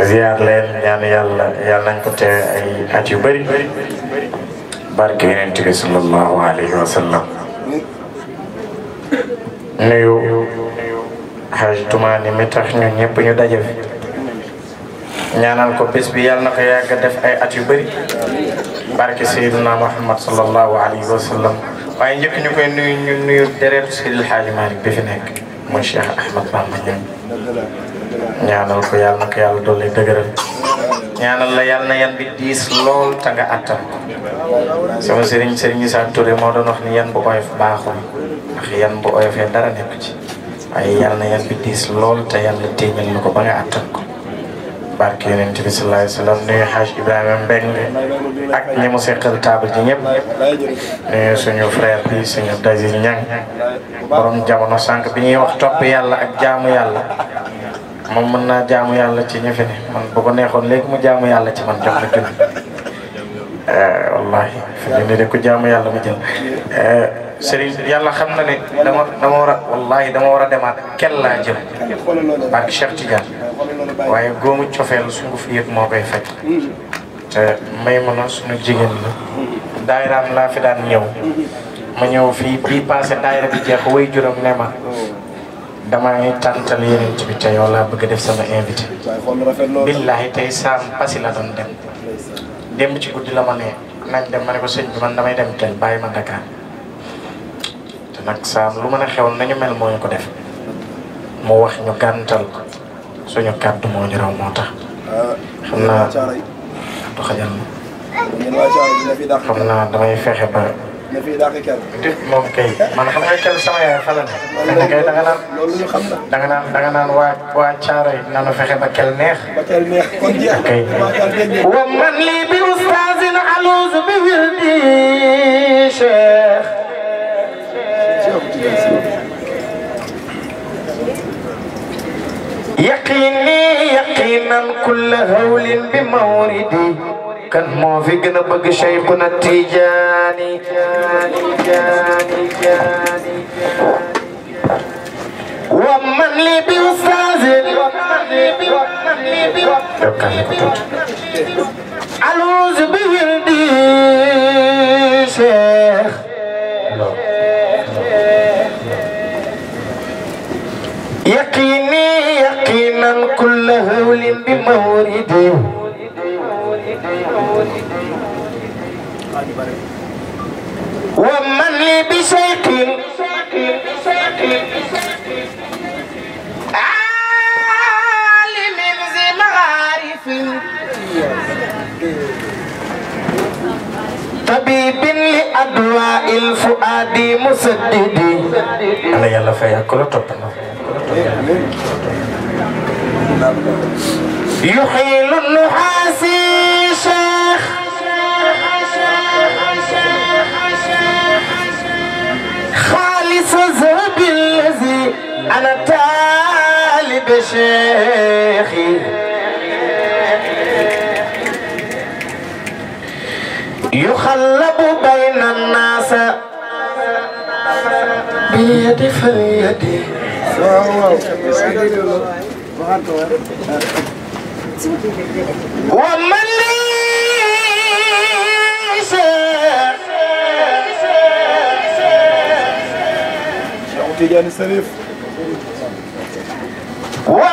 alayhi leen ñaan yàlla yàlla nañ ko te ay at yu bëri barke yonent bi sallallahu alayhi wa nuyu xaaj tumaani mi tax ñu ñëpp ñu daje fi ñaanal ko bés bi yàlla na ko yàgg a def ay at yu bëri barke Seydina Muhammad sallallahu alayhi wa waaye njëkk ñu koy nuyu ñu nuyu dereetu Seydil Xaaji Malick bi fi nekk ñaanal ko yàlla na ko yàlla dolli dëgëral ñaanal la na yan bi diis lool te nga attan sama sëriñ sëriñ Issa Touré moo doon wax ni yan bu oyof baaxul ndax yan bu oyofee dara nekk ci waaye yàlla na yan bi diis lool te yàlla téeñal na ko ba nga àttan ko barke yonent bi sallallahu alayhi wa sallam nuyu xaaj Ibrahima Mbengue ak ñi mu seqal table ji ñëpp nuyu suñu frère bi suñu daji ñang borom jamono sànq bi ñuy wax topp yàlla ak jaamu yàlla moom mën naa jaamu yàlla ci ñu fi ne man bu ko neexoon mu jaamu yàlla ci man jox la wallahi fi ñu ne jaamu yàlla ma jël eh, sëriñ yàlla xam na ne dama dama war wallahi dama war a demaat kenn jël barke Cheikh Tidiane waaye góomu cofeel suñu fi yëpp moo koy faj te may ma na suñu jigéen la fi daan ma passé bi jeex way ne ma ngi yeneen bi bëgg def sama invité billahi pasi la doon dem démb ci guddi la ma nañ dem ma ne ko sëñ man damay dem kenn bàyyi ma Dakar te nag saam lu mën a xew nañu mel moo ko def mu wax ñu gàntal ko suñu kàddu moo ñu raw moo tax ah, xam naa du xajal ma xam naa damay fexe ba ne fii daa koy kenn. moom kay man xam nga kenn sama yaay fële na. loolu kay danga naan loolu ñu xam la. danga naan danga naan waa waa Caaroy nanu fexe ba kel neex. ba kel neex kon jeex. kay wa man lii bi ustaazin aluusu bi wirdi cheikh. yaqini yaqinan kulla hawlin bi mawridi kan gën a bëgg Cheikhuna Tijaani wa man li yaqini yaqinan kulla hawlin bi mawridi ومن لي بشيخ عالم ذي معارف طبيب لأدواء الفؤاد مسدد أنا يلا فيا كل طبنا يحيل النحاسين شيخ خالص الذي أنا طالب شيخي يخلب بين الناس بيد فاليد ومن Tidiane Serif wa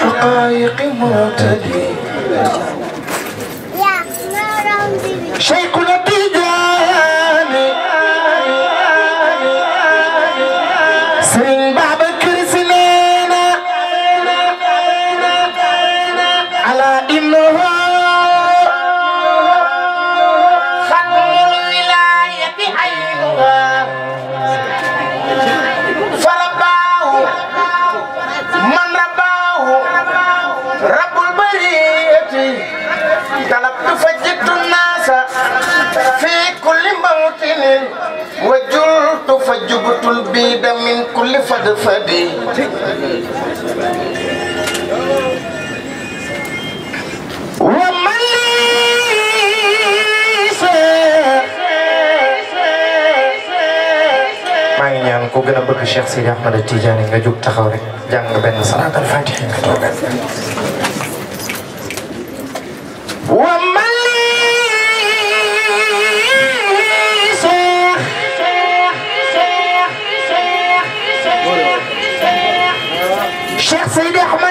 حقائق معتدي البيد من كل فدفد ومن ليس maa ngi ñaan ku gën a bëgg Cheikh Sidi Ahmed Tidiane nga taxaw rek nga Sayyidina Ahmad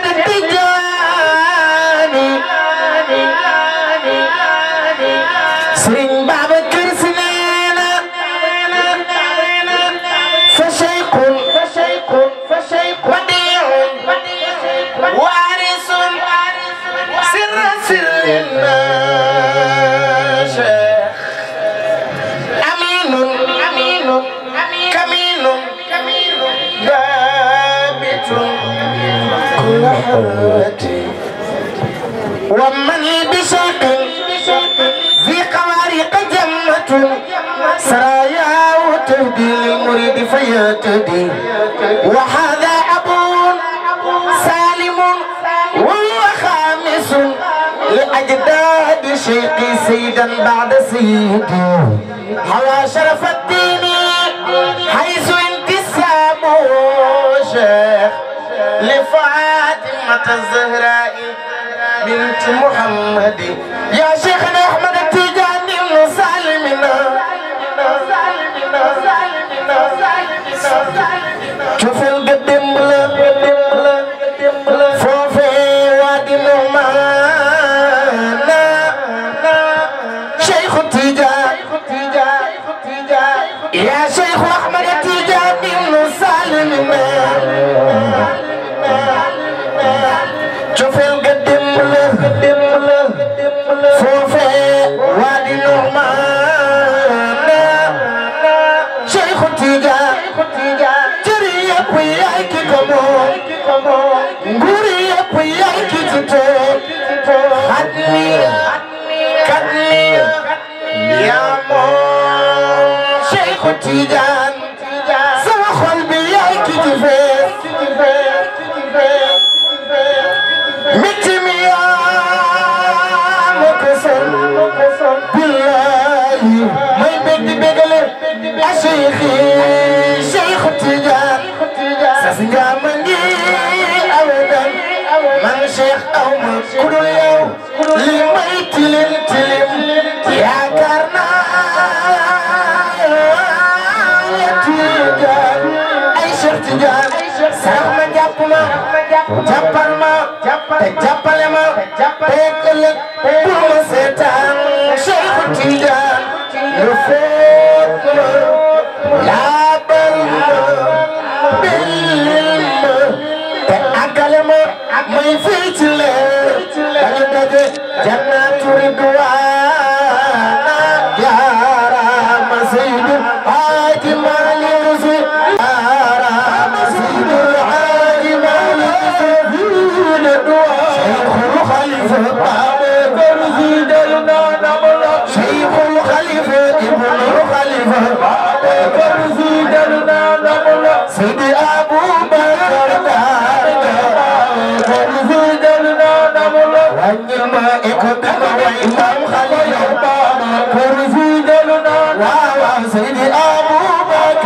ومن بشك في قوارق جمة سرايا وتهدي للمريد فيهتدي وهذا أبو سالم وهو خامس لأجداد شيقي سيدا بعد سيدي حوى شرف الدين حيث الزهراء بنت محمد يا شيخ bokkalak bu ma seetaan Cheikh Tidiane lu foot ma laabal ma bellil ma te àggale ma may fii ci leer dañu daje jannaatu ridwaana yaaraama Seydi Haaji Maalik Si yaaraama Seydi Haaji Maalik Si سيدي أبو بكر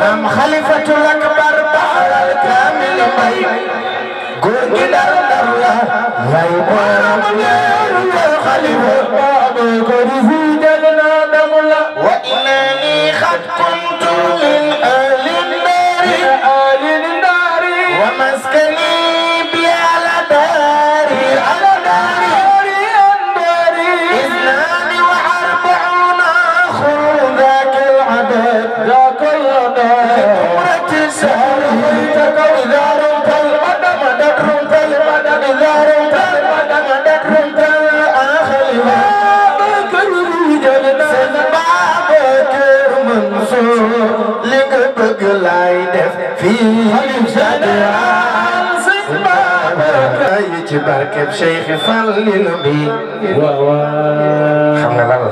maam xalifatul akbar baaral kaamil mbay góor gi dar dar la lay booram leeru ya xalifa baabal ko di fi jël naa dem la wa inaani xat kun li nga bëgg laay def fii Sénégal sëñ Babacar ay ci barkeb Cheikh Fallil bi waaw waaw xam nga lan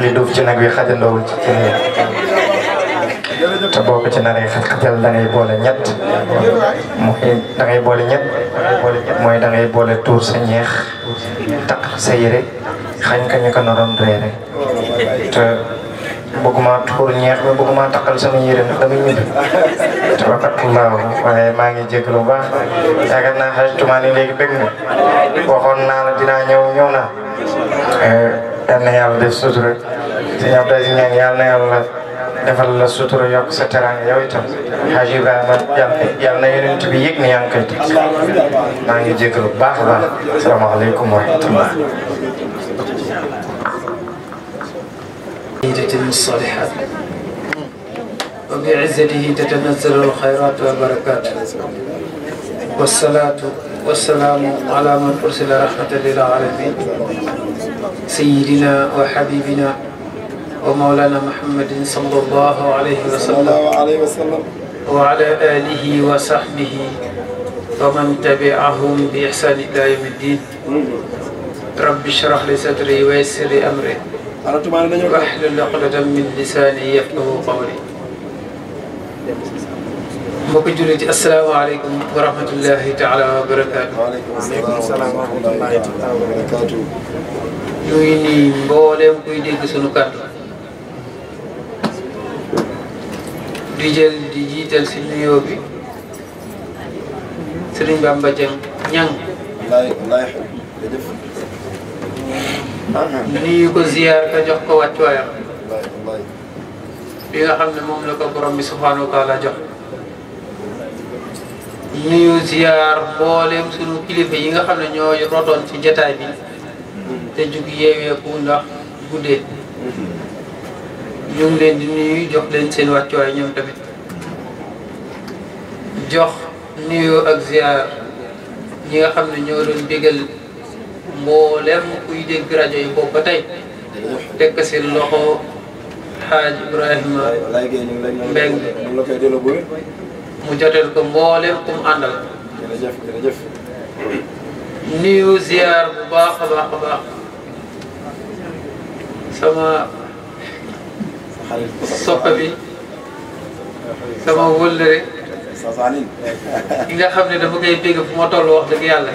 li duuf ci nag wi xajandoowul ci cin te boo ko ci na xat-xatal da boole ñett mooy da boole ñett mooy da boole tuur sa ñeex taq sa yére xañ ka ñu ko naroon bëgguma tukur ñeex ba bëgguma takkal sama yére ndax dama ñibbi tabarakallah waaye maa ngi jégalu bu baax yaakaar naa xaj tumaani léegi bëgg na waxoon naa la dinaa ñëw ñëw naa eh, yal na yàlla def sutura sëñ Abdoulaye si ñaan yal na yàlla defal yal na yonent bi yëg ni yaa ngi maa ngi jégalu bu baax a baax asalaamaaleykum wa تتم الصالحات وبعزته تتنزل الخيرات والبركات والصلاة والسلام على من أرسل رحمة للعالمين سيدنا وحبيبنا ومولانا محمد صلى الله عليه وسلم وعلى آله وصحبه ومن تبعهم بإحسان إلى يوم الدين رب اشرح لي صدري ويسر لي أمري ala tumaane nañu ko wax leen loqdatam min lisani yafqahu qawli mbokk julli ci assalamu alaykum wa rahmatullahi ta'ala wa barakatuh wa alaykum assalam wa rahmatullahi ta'ala wa barakatuh ñu ngi nii kuy dégg sunu kàddu di jël di bi Serigne Bamba ñang nuyu ko ziyaar ka jox ko wàccuwaayam bi nga xam ne moom la ko borom bi subhanahu wa taala jox nuyu ziyaar mboolem sunu kilifa yi nga xam ne ñoo rotoon ci jataay bi te jug yeeweeku ndax guddee ñu ngi leen di nuyu jox leen seen wàccuwaay ñoom tamit jox nuyu ak ziyaar ñi nga xam ne ñoo doon déggal mboolem kuy dégg rajo yi boobu ba tey tekk si loxo xaaj Ibrahima Mbeng mu joteel ko mboolem ku mu àndal nuyu ziar bu baax a baax a baax sama soppe bi sama wëllëre ki nga xam ne dama koy dégg fu ma toll wax dëgg yàlla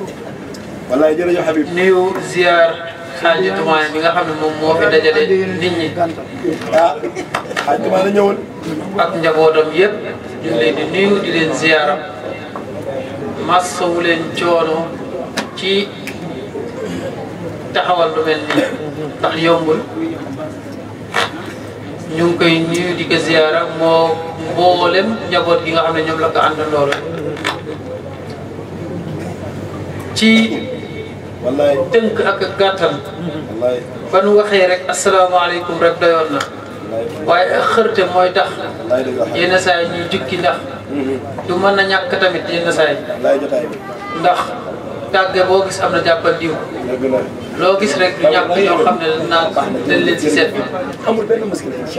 wallaay jërëjëf Habib. nuyu ziar Xaaji Tumaane bi nga xam ne moom moo fi dajale nit ñi. ah Xaaji Tumaane ñëwul. ak njabootam yëpp ñu ngi leen di nuyu di leen ziaram masawu leen coono ci taxawal lu mel nii yombul ñu ngi nuyu di ko ziara moo mboolem njaboot gi nga xam ne ñoom la ko àndandoo ci tënk ak gàttal ba nu waxee rek asalaamaaleykum rek doyoon na waaye ak xërte mooy tax yenn saay ñuy jukki ndax mm-hmm. du mën a ñàkk tamit yenn saay ndax tàgge boo gis am na jàppal diw loo gis rek du ñàkk ñoo xam ne naan dañ leen si seet bi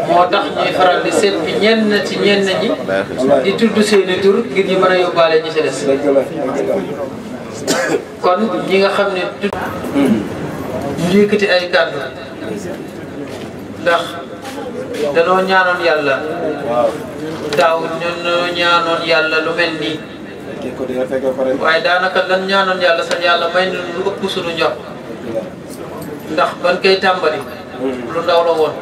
moo tax ñuy faral di seet bi ñenn ci ñenn ñi di tudd seeni tur ngir ñu mën a yóbbaale ñi si des kon ñi nga xamne ne tudd ñu yëkkati ay kaddu ndax danoo ñaanoon yàlla daaw ñoo ñaanon yalla lu melni nii waaye daanaka lan ñaanon yalla sa yalla may ñu lu ëpp suñu njort ndax ban kay tàmbali lu ndaw la woon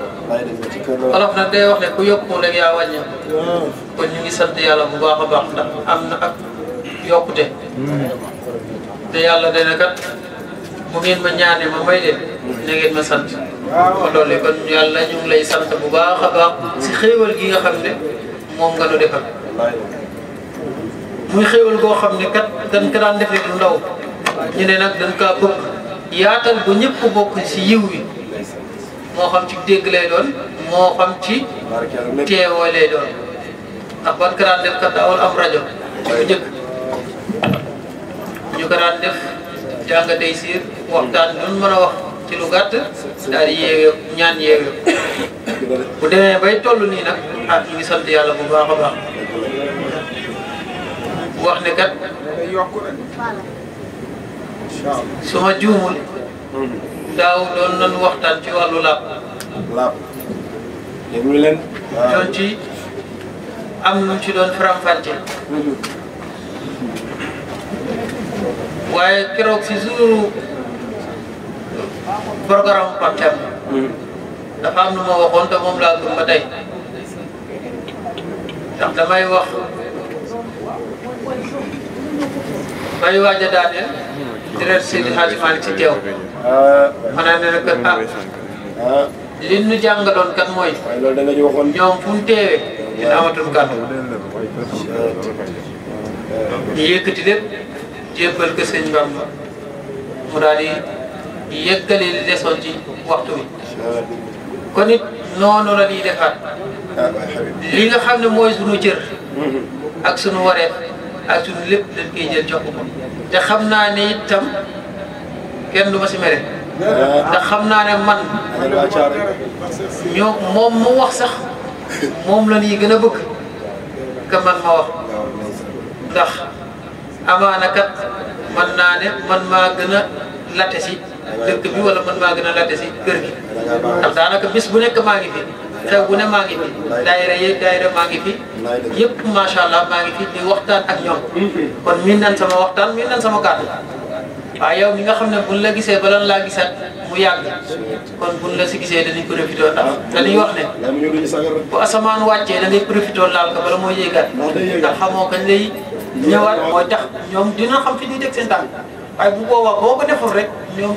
olof nag day wax ne ku yokku rek ya wañu kon ñu ngi sant yalla bu baaxa baax ndax amna na ak yokkute te yàlla dana kat mu ngeen ma ñaane ma may leen na ngeen ma sant ma loolu kon yàlla ñu lay sant bu baax a baax si xéewal gi nga xam ne moom nga nu defal muy xéewal goo xam ne kat dañ ko daan defee du ndaw ñu ne nag dañ bëgg yaatal ba ñëpp bokk ci yiw wi moo xam ci dégg lay doon moo xam ci teewoo lay doon ndax ban ko daan def kat daawul am rajo bu njëkk ñu ko daan def jàng day siir waxtaan lu mën a wax ci lu gàtt daal di yeewee ñaan yeewee bu demee bay toll nii nag ak ñu ngi sant yàlla bu baax a baax wax ne kat su ma juumul daaw doon nan waxtaan ci wàllu laab laab déglu leen doon ci am nu ci doon faram-fàcce waye keroog ci suñu programme Pape Thiam dafa am lu hmm. waxon eh? eh? eh. waxoon kan te moom laa gëm ba tey ndax damay wax bay waja a daaneel di leen Seydi Hadji Malick ci tew euh xanaa ne nag ah li ñu jàngaloon kat mooy da nga ñu waxon ñom iya fuñ téwé dina amatul kàddu yëkkati lépp جيبل كسين بامبا مرالي يكل اللي سونجي وقت وي كنت نو نو لا لي دخات لي لا خامن موي سونو جير اك سونو وريت اك سونو ليب دا كاي جير جوكو تا خامنا ني تام كين دوما سي ميري تا خامنا ني مان ньо мом мо wax sax mom la ni gëna bëgg ka man ma wax ndax amaana kat man na ne man ma gëna a latte dëkk bi wala man ma gëna a kër gi da naka bis bu nekk ma ngi fi xew bu ne ma ngi fi daayira yeeg daayira ma ngi fi ma sha allah ma ngi fi di waxtaan ak ñoom kon minan nan sama waxtaan minan nan sama kàddu Ayo yow mi nga xamne lagi la gisee balan la gisat mu yagg kon bu la si gisee dañuy profité ndax dañuy wax ne bu asaman wacce dañuy profité laal ko bala ndax xamoo kañ lay ñëwaat mooy tax ñoom dina xam fi ñuy teg seen tànk waaye bu boobaa boo ko deful rek ñoom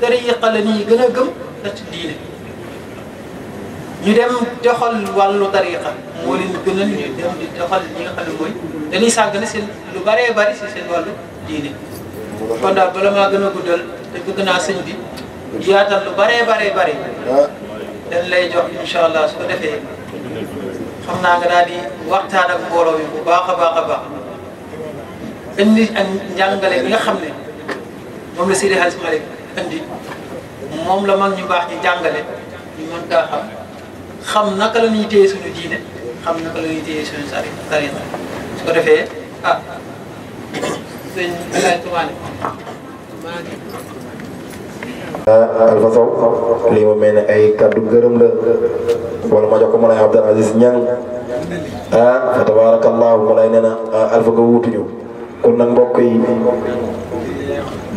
tariqa la gën a gëm da ci diine ñu dem doxal wàllu tariqa moo leen gënal ñu dem di doxal ñi xam ne mooy dañuy sàggane seen lu bëree bëri si seen wàllu diine kon daal bala maa gën a guddal te bëgg naa sëñ bi yaatal lu bëree bëree bëri ah. dañ lay jox incha su ko defee xam naa nga daal di waxtaan ak mbooloo mi bu baax a baax a baax indi njàngale nga xam ne moom la Seydi Hadji Malick indi moom la mag ñu baax ñu jàngale ñu mën kaa xam xam naka la ñuy téye suñu diine xam naka la ñuy téye suñu sari sari su ko defee ah [coughs] sëñ Hadji Malick maa Alpha Sow lii ma mel ne ay kaddu gërëm la wala ma jox ko ma lay Abdou Aziz Niang ah fa tabaarakallaahu ma lay nee na ah, kon nag mbokk yi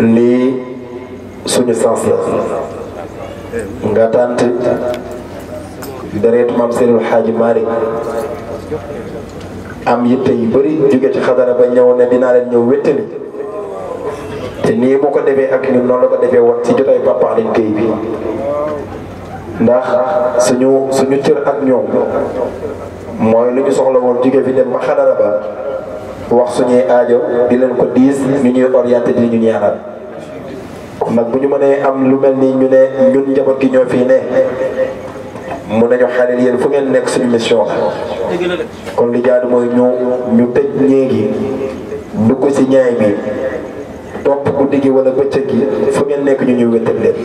lii suñu sens la nga tànt dareet maam Seydil Hadji Malick am yitte yu bëri jóge ci xadara ba ñëw ne dinaa leen ñëw wéttali te nii mu ko defee ak ñun noonu la ko defee woon ci jotaay Papaline Gueye bi ndax suñu suñu cër ak ñoom mooy lu ñu soxla woon jóge fi dem ba suñuy aajo di leen ko diis ñu ñuy orienté di ñu ñaanal nag bu ñu mënee am lu mel ni ñu ne ñun njaboot gi ñoo ne mun nañu xarit yéen fu ngeen nekk si mission kon li jaadu mooy ñu ñu tëj ñéegi dugg ci ñaay bi topp guddi gi wala bëccëg gi fu ngeen nekk ñu ñuy wéttal leen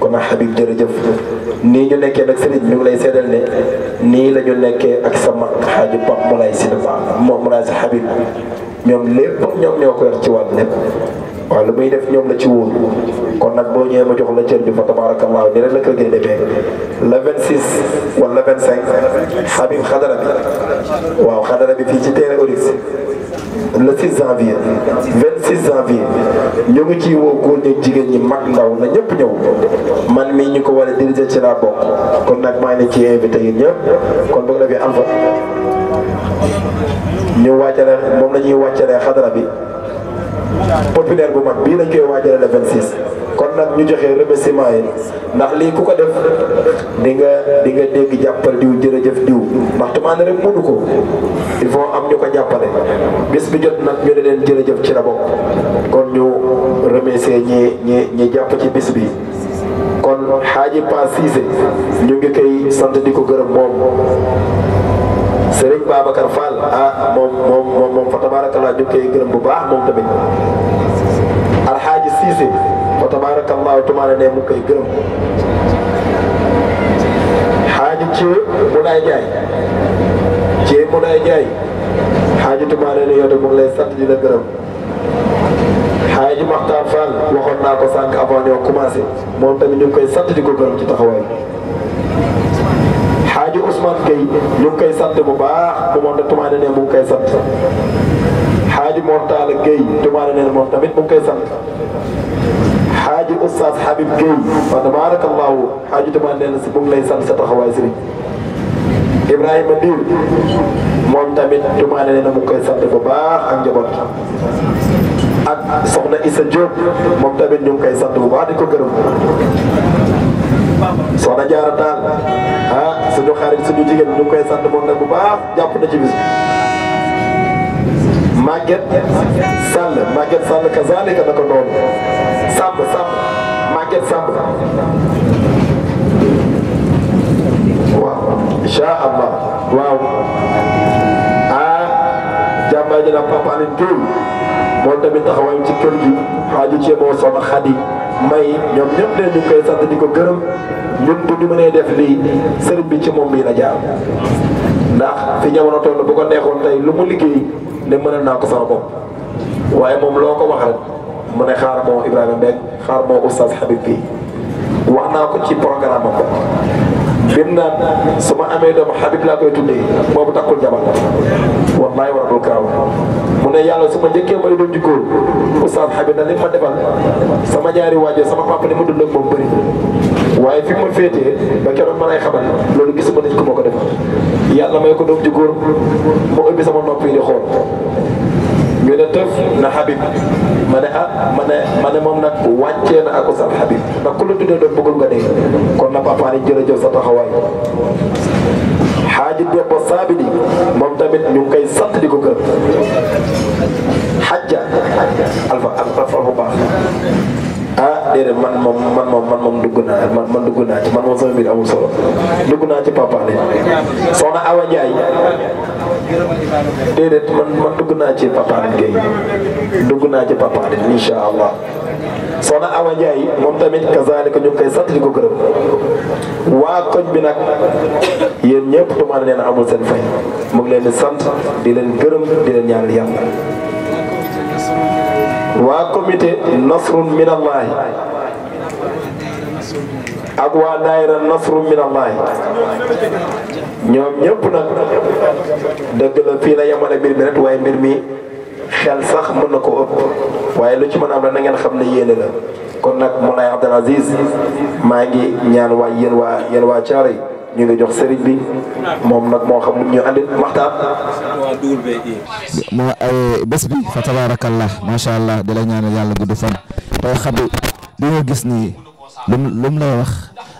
kon nag Habib jërëjëf nii ñu nekkee nag sëriñ ñu ngi lay seedal ne nii la ñu nekkee ak sa mag xaaju Pape Moulay Sy moom Moulay Sy Habib ñoom lépp ñoom ñoo ko yor ci wàll lépp waaw lu muy def ñoom la ci wóor kon nag boo ñëwee ma jox la cër bi fa tabaarakallaahu ni rek la kër gi demee le 26 wala le 25 Habib xadara bi waaw xadara bi fii ci terrain Oryx le 6 janvier 26 janvier ñu ngi ciy woo góor ñi jigéen ñi mag ndaw na ñëpp ñëw man mii ñu ko war a diriger ci laa bokk kon nag maa ngi ci ciy invité ñëpp kon bëgg na fi am fa ñu wàccale moom la ñuy wàccalee xadara bi. populaire bu mag bii dañ koy waajale le 26 kon nag ñu joxe remerciement yi ndax lii ku ko def di nga di nga dégg jàppal diw jërëjëf diw ndax tumaane rek mënu ko il faut am ñu ko jàppale bis bi jot nag ñu ne leen jërëjëf ci la kon ñu remercier ñi ñi ñi jàpp ci bis bi kon xaaji Pa Cissé ñu ngi koy sant di ko gërëm moom Sëriñ Babacar Fall ah moom moom moom fa tabaarakallaa ñu koy gërëm bu baax moom tamit alxaaji Siise fa tabaarakallaa tumaane ne mu koy gërëm xaaji ci mu day jaay ci mu day jaay xaaji tumaane ne yow de mu lay sant di gërëm xaaji Maxtaar naa ko sànq avant ñoo moom tamit ñu koy sant ko gërëm ci taxawaay di Ousmane Gueye ñu ngi koy sant bu baax moom nag Toumane ne mu ngi koy sant xaaji Mortala Gueye Toumane ne moom tamit mu ngi koy sant. xaaji Oustaz Habib Gueye fa tabaarakallaahu xaaji Toumane ne mu ngi lay sant sa taxawaay sëriñ Ibrahima Ndir moom tamit Toumane ne mu ngi koy sant bu baax ak njaboot. ak soxna isa Diop mom tamit ñu koy sant bu baax di ko gërëm soxna Jaara Taal ha suñu xarit suñu jigeen ñu koy sant moom nak bu baax japp na ci bis Maguette Sall Maguette Sall kazalika na ko noonu Samb Samb Maguette Samb waaw allah wow ah jàmbaay ji la Papa Alioune Tour moom tamit taxawaayam ci kër gi xaaju ceeb boo soxna xadi may ñoom ñëpp de ñu koy sant di ko gërëm ñun di ñu mënee def lii sëriñ bi ci moom bii la jaar ndax fi jamono toll bu ko neexoon tey lu mu liggéey ne mën naa ko sama bopp waaye moom loo ko waxal mu ne xaar moo Ibrahima Mbengue xaar moo oustaz Habib bi wax naa ko ci programme ko bim naan su ma amee doom Habib laa koy tuddee boobu takkul jabar wallaay waratul kaaw mu ne yàlla su ma njëkkee may doon jikkoon oustaz Habib na li ma defal sama ñaari waajur sama papa li ma dund ak moom bëri waaye fi ma féetee ba keroog ma lay xamal loolu gisuma nit ku ma ko defal yàlla may ko doom jikkoon moo ubbi sama nopp yi di xool ñu ne tëf na Habib ma ne ah ma ne ma ne moom nag wàccee na ak Oustaz Habib ndax ku la tuddee doon bëggul nga dee kon na papa ni jërëjëf sa taxawaay. xaaji Debbo Saabidi moom tamit ñu ngi koy sant di ko gërëm xajja alfa alfa bu baax ah déedéet man moom man moom man moom dugg naa man man dugg naa ci man moom sama mbir amul solo dugg naa ci papa de soxna Awa Ndiaye. déedéet man man dugg naa ci Papa Alioune dugg naa ci Papa Alioune incha allah soxna Awa Ndiaye moom tamit kazaalika ñu ngi di ko gërëm waa koñ bi nag yéen ñëpp tumaan leen amul seen fay mu ngi leen sant di leen gërëm di leen ñaanal yàlla. waa comité Nasrun Minallahi ak wa daira nasru min allah ñom ñep nak deug la fi la yamale mbir mi rek waaye mbir mi xel sax mën nako upp ëpp lu ci mëna am la na ngeen xam ne yéene la kon nag Moulay abdul Aziz ma ngi ñaan wa yeen iya, wa yeen iya, wa caare ñu ngi jox serigne bi mom nak mo xam ñu andi waxtaan. mo ay bes bi fa tabarakallah ma sha allah dila ñaanal yalla ya gudd fan. tay xam dina gis ni lu mu lu mu lay wax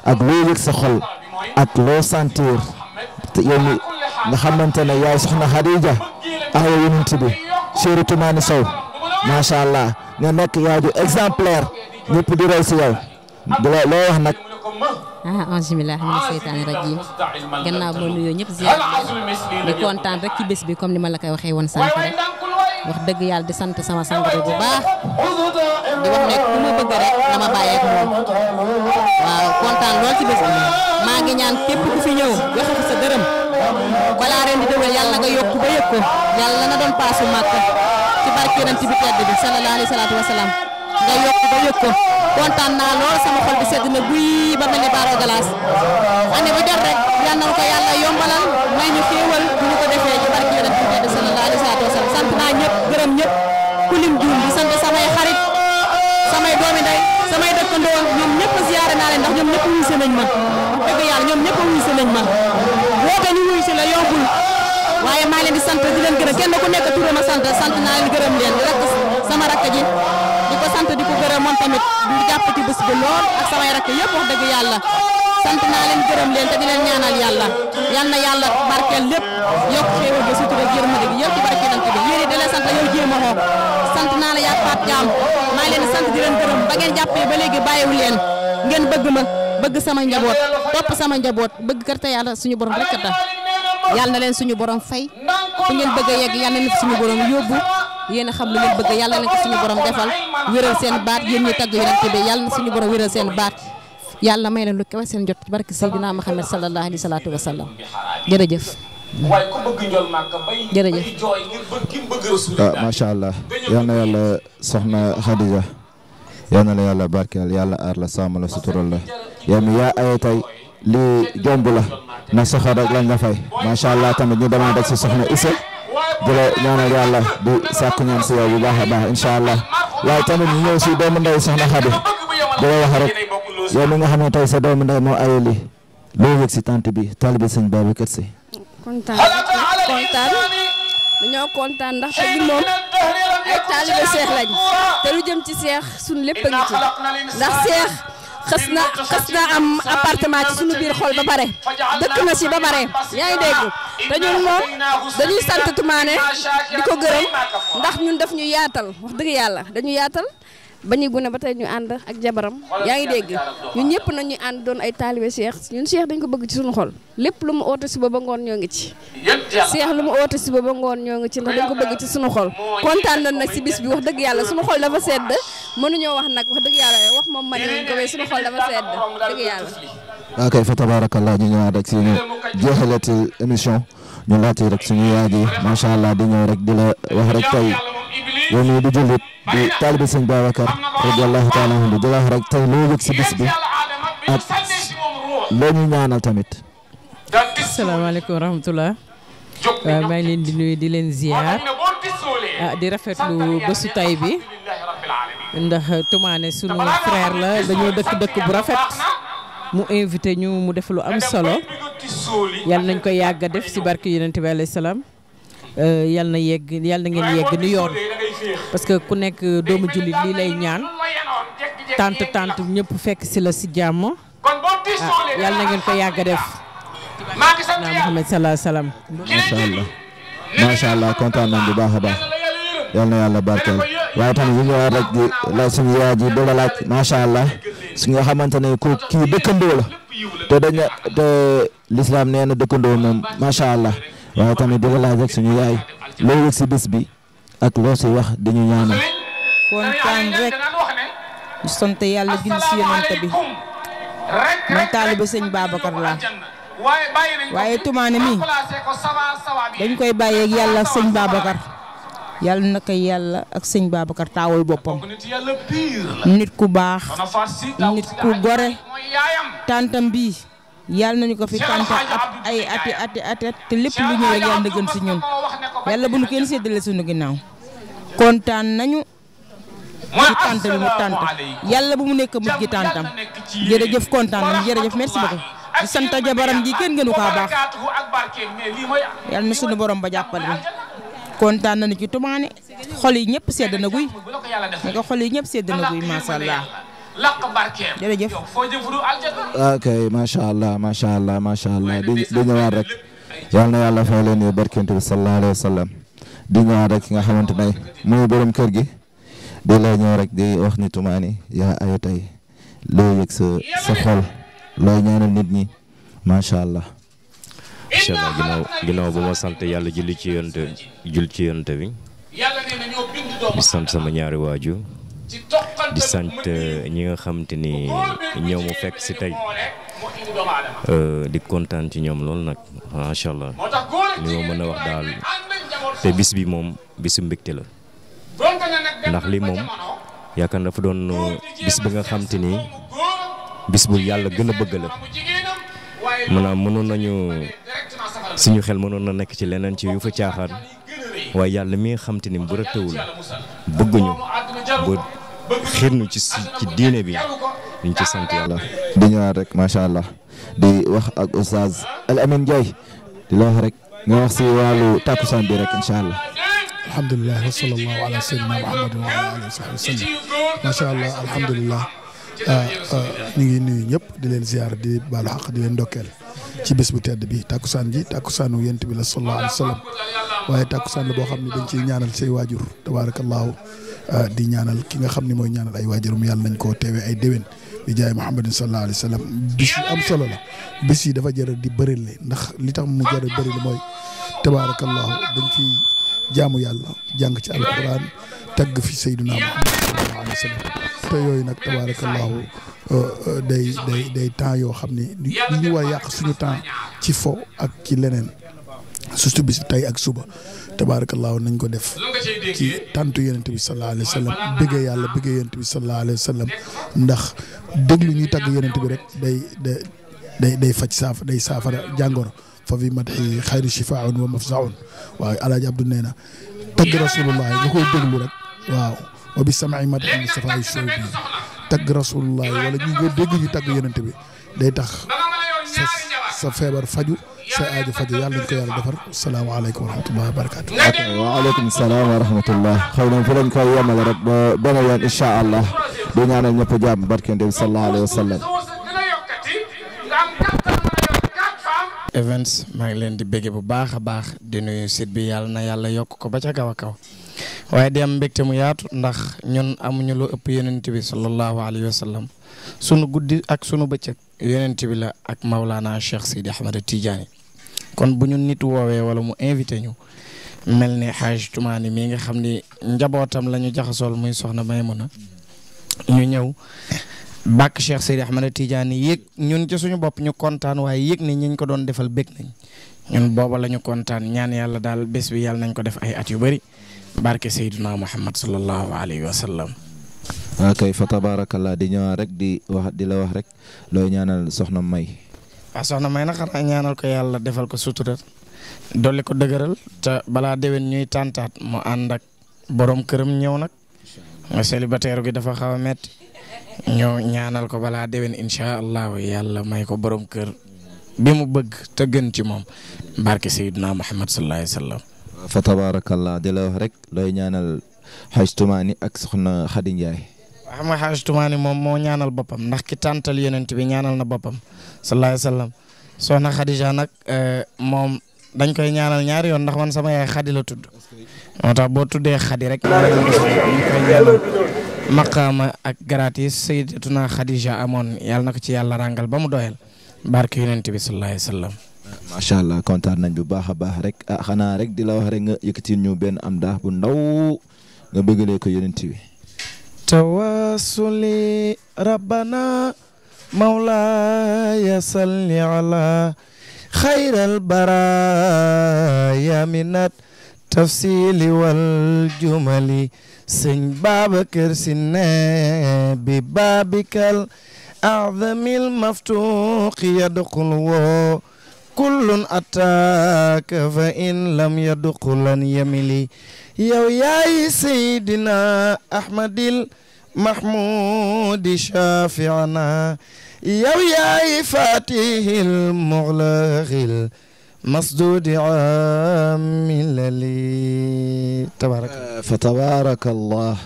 ak loo yëg ak loo sentir te nga xamante ne yaay soxna Xadija awa yonent bi chéri Tumaani Sow macha allah nga nekk yaay ju exemplaire ñëpp di si yow loo wax nag. ansimillah ah, mina seytaani rajim gannaaw moo nuyoo ñëpp ziar di kontaan rek ci bés bi comme ni ma la koy waxee woon sant rek wax dëgg yàlla di sant sama sang bi bu baax di wax ne ku ma bëgg rek dama bàyyeek moom waaw kontaan lool ci bés bi maa ngi ñaan képp ku fi ñëw joxe sa dërëm balaa di déwén yàlla nga yokk ba yëg yàlla na doon paasu màkk ci barke ci bi tedd bi sallallahu alayhi salaatu wasalaam nga yokk ba yëg ko kontaan naa lool sama xol bi sedd na buy ba mel ne baaroo galaas année bu jot rek yal na ko yàlla yombalal may ñu xéewal bu ñu ko defee ci barke yonent bi sallallahu alayhi wa sallam sant naa ñëpp gërëm ñëpp ku lim juum di sant samay xarit samay doomi ndey ñoom ñëpp ziyaare naa leen ndax ñoom ñëpp wuyu si nañ ma dëgg yàlla ñoom ñëpp wuyu si nañ ma woote ñu wuyu si la yombul waaye maa leen di sant di leen gërëm kenn ku nekk turam a sant sant naa leen gërëm leen rakk sama rakk ji di ko sant di ko gërëm moom tamit di jàpp ci bés bi lool ak samay rakk yëpp wax dëgg yàlla sant naa leen gërëm leen te di leen ñaanal yàlla yal na yàlla barkeel lépp yokk xéewal gi sutura ak yëpp ci barke nant bi yéen di la sant yow jéem a xoog sant naa la yaa Faat Caam maa ngi leen di sant di leen gërëm ba ngeen jàppee ba léegi bàyyiwu leen ngeen bëgg ma bëgg sama njaboot topp sama njaboot bëgg kër te yàlla suñu borom rek tax yàlla na leen suñu borom fay ngeen bëgg yegg yàlla na suñu borom yóbbu yéen a xam lu ngeen bëgg yàlla na ko suñu borom defal wéral seen baat yéen ñi tagg yonent bi yàlla na suñu borom wéral seen baat yàlla may leen lu seen jot ci barke Seydina Muhammad sallallahu alayhi salaatu ah, allah soxna Xadija yàlla barkeel yàlla aar la sàmm la sutural la yow yaa aye tey lii jomb la na soxal rek lañ la fay macha allah tamit ñu demoon rek si soxna Issa di la ñaanal yàlla di sàkku ñaan si yow bu baax a baax incha allah waaye tamit ñu ñëw si doomu ndey soxna Xadi di wax rek yow mi nga xam ne tey sa doomu ndey moo ayee lii yëg si tante bi taalibe sëñ Babacar Si. kontaan kontaan dañoo kontaan ndax te ñun moom ay seex lañ te lu jëm ci seex suñu lépp ngi ci ndax seex. xas na xas na am appartement ci suñu biir xol ba bare dëkk na si ba bare yaa ngi dégg te ñun moom dañuy sant di ko gërëm ndax ñun daf ñu yaatal wax dëgg yàlla dañu yaatal ba ñuy gune ba tey ñu ànd ak jabaram yaa ngi dégg ñu ñëpp nañu ñu ànd doon ay taalibe Cheikh ñun Cheikh dañ ko bëgg ci suñu xol lépp lu mu oote suba ba ngoon ñoo ngi ci Cheikh lu mu oote ba ngoon ñoo ngi ci ndax dañ ko bëgg ci suñu xol kontaan nañ nag si bis bi wax dëgg yàlla suñu xol dafa sedd mënuñoo wax nag wax dëgg yàlla wax moom man nañ ko waaye suñu xol dafa sedd dëgg yàlla waaw kay fa tabarakallah ñu ñëwaat rek suñu jeexalati émission ñu laajte rek suñu yaay ji macha allah di ñëw rek di la wax rek tey yow mii di jullit di taalibe sëñ Babacar radiyallahu taala anhu di jëlaat rek tey loo yëg si bis bi ak loo ñaanal tamit. asalaamaaleykum wa rahmatulah. waaw maa ngi leen di nuyu di leen ziar ah di rafetlu bésu tay bi ndax Toumane sunu frère la dañoo dëkk dëkk bu rafet mu invité ñu mu def lu am solo yal nañ ko yàgg a def si barke yonent bi alayhi salaam euh, yal na yegg yal na ngeen yegg ni yoon. parce que ku nekk doomu jullit lii lay ñaan tant tant ñëpp fekk si la si jàmm ah, yàlla na ngeen ko yàgg def naa Muhammad salaa salaam allah macha allah kontaan bu baax a baax yal na yàlla barkeel waaye tamit bu ñëwaat rek suñu yaay ji doog a macha allah su nga xamante ne ku kii dëkkandoo la te dañ te lislaam nee na dëkkandoo moom macha allah waaye tamit doog a suñu yaay loolu si bis bi ak loo si wax dañu ñaanal. kontaan rek ñu sant yàlla julli si yonent bi man taalibe sëñ Babacar laa waaye tumaane mi dañ koy bàyyeeg yàlla ak sëñ Babacar yàlla na ko yàlla ak sëñ Babacar taawooy boppam nit ku baax nit ku gore tàntam yalla nañu ko fi tànta ay ati ati ati te lepp lu ñu yalla yàlla gën ci ñun yalla bu ñu kenn séddale suñu ginnaaw kontaan nañu ci tànt bi mu tànt yàlla bu mu nekk mu gi jere jëf kontaan nañu jëf merci beaucoup di santa jabaram gi kenn gënu kaa baax yalla na suñu borom ba ni kontaan nañu ci tumane xol yi ñepp sedd na guy xol yi ñepp sedd na ma sha allah lakk barkeem jërëjëf yow masha allah macha allah macha allah di di ñëwaat rek yal na yàlla fay leen yow barkente sallallahu alayhi Wasallam. sallam di ñëwaat rek ki nga xamante ne borom kër gi di la ñëw rek di wax ni tumaani ya ayo tey loo yëg sa sa xol looy ñaanal nit ñi macha allah incha allah ginnaaw ginnaaw ba ma sant yàlla julli ci yonte jul ci yonte bi di sant sama ñaari waaju di sant euh, ñi nga xamante ni ñoo mu fekk si tey di kontaan ci ñoom loolu nag macha allah li ma mën a wax daal te bis bi moom bisu mbégte la ndax li moom yaakaar dafa doon euh, bis bi nga xamante ni bis bu yàlla gën a bëgg la maanaam mënoon nañu suñu xel mënoon na nekk ci leneen ci yu fa caaxaan waaye yàlla mi nga xamante ni bu rëttewul bëgguñu. ba xirnu ci ci diine bi ñu ci sant yàlla. di ñëwaat allah di wax ak Oustaz Al Amine di la wax rek nga wax si wàllu takkusaan bi rek incha allah. wa sallallahu ala sayyidina muhammadin wa ala alihi wa sahbihi wa sallam macha allah alhamdulilah ah, ah, ñu ngi nuyu ñëpp di leen ziar di baalu xaq di leen ndokkeel ci bis bu tedd bi takkusaan ji takkusaanu yent bi la sallallahu alayhi wa sallam waaye takkusaan la boo xam ne dañ ciy ñaanal say waajur tabaarakallaahu Ah, di ñaanal ki nga xam ni mooy ñaanal ay waajuram yàlla nañ koo teewee ay déwén di jaay Muhammadin sallallahu alayhi wa sallam bis yi am solo la bis yi dafa jëra di bërile ndax li tax mu jëra bërile mooy tabaarakallahu dañ fi jaamu yàlla jàng ci alquran tagg fi sayyiduna Muhammad sallallahu yooyu nag tabaarakallahu euh, euh, day day day temps yoo xam ne li ñu war yàq suñu temps ci fo ak ci leneen surtout bis tey ak suba tabaarakallaahu nañ ko def ci tàntu yonent bi sallallahu alayhi wa sallam bëggee yàlla bëggee yonent bi sallallahu alayhi wa sallam ndax déglu ñuy tagg yonent bi rek day day day faj saaf day saafara jàngoro fa fi madhi xayru shifaaun wa mafsaun waaw alaaji Abdou nee na tagg rasulullah nga koy déglu rek waaw wa bi sam'i madhi Mustafa showbi tagg rasulullah wala ñu ko dégg ñu tagg yonent bi day tax sa feebar faju sa aaju faju yàlla nañ ko yàlla defar salaamaaleykum wa rahmatullahi wa barakaatu. salaam wa xaw xëy na fi koy yemale rek ba ba yoon incha allah di ñaanal ñëpp jàmm barkende bi sallallahu alayhi Events maa ngi leen di bëgge bu baax a baax di nuyu site bi yàlla na yàlla yokk ko ba ca kaw a kaw waaye di am mbégte mu yaatu ndax ñun amuñu loo ëpp yonent bi sallallahu alayhi wa sunu guddi ak sunu bëccëg yonent bi la ak Maulana Cheikh Sidi Ahmad Tidiane kon bu ñu nit woowee wala mu invité ñu mel ni Haaj Tumaani mii nga xam ni njabootam la ñu jaxasool muy soxna Maymuna ñu ñëw bàkk Cheikh Sidi Ahmad Tidiane yéeg ñun ci suñu bopp ñu kontaan waaye yéeg ni ñiñ ko doon defal bég nañ ñun booba la ñu kontaan ñaan yàlla daal bés bi yàlla nañ ko def ay at yu bëri barke Seydina Muhammad sallallahu alayhi wa sallam kay ah, fa tabaarakallaa di ñëwaat rek di wax di la wax rek looy ñaanal soxna May. waaw soxna May na xanaa ñaanal ko yàlla defal ko sutura dolli ko dëgëral te balaa déwén ñuy tàntaat mu ànd ak borom këram ñëw nag nga célibataire gi dafa xaw a metti ñëw ñaanal ko balaa déwén incha allahu yàlla may ko borom kër bi mu bëgg te gën ci moom barke Seydina Muhammad sallallahu alayhi wa fa tabaarakallaa di la wax rek looy ñaanal xajtumaani ak soxna Xadi Njaay xam nga xaaj tumaani moom moo ñaanal boppam ndax ki tàntal yonent bi ñaanal na boppam sallallahu alayhi wa sallam soxna Khadija nag eh, moom dañ koy ñaanal ñaari yoon ndax man sama yaay Khadi la tudd moo tax boo tuddee Khadi rek dañ koy ñaanal maqaama ak gratis sayyidatuna Khadija amoon yàlla na ko ci yàlla rangal ba mu doyal barki yonent bi sallallahu alayhi wa sallam macha allah kontaan nañ bu baax a baax rek ah xanaa rek di la wax rek nga yëkkatiin ñu benn am daax bu ndaw nga bëggalee ko yonent bi تواسلي ربنا مولاي صل على خير البرايا من التفصيل والجمل سن بابكر سنة ببابك الأعظم المفتوح يدخل كل أتاك فإن لم يدخل يملي yow yaay seydina ahmadil mahmudi shafiana yow yaay fatihil muxlaxil masdudi amilali tabaraka eh, fa tabaraka allah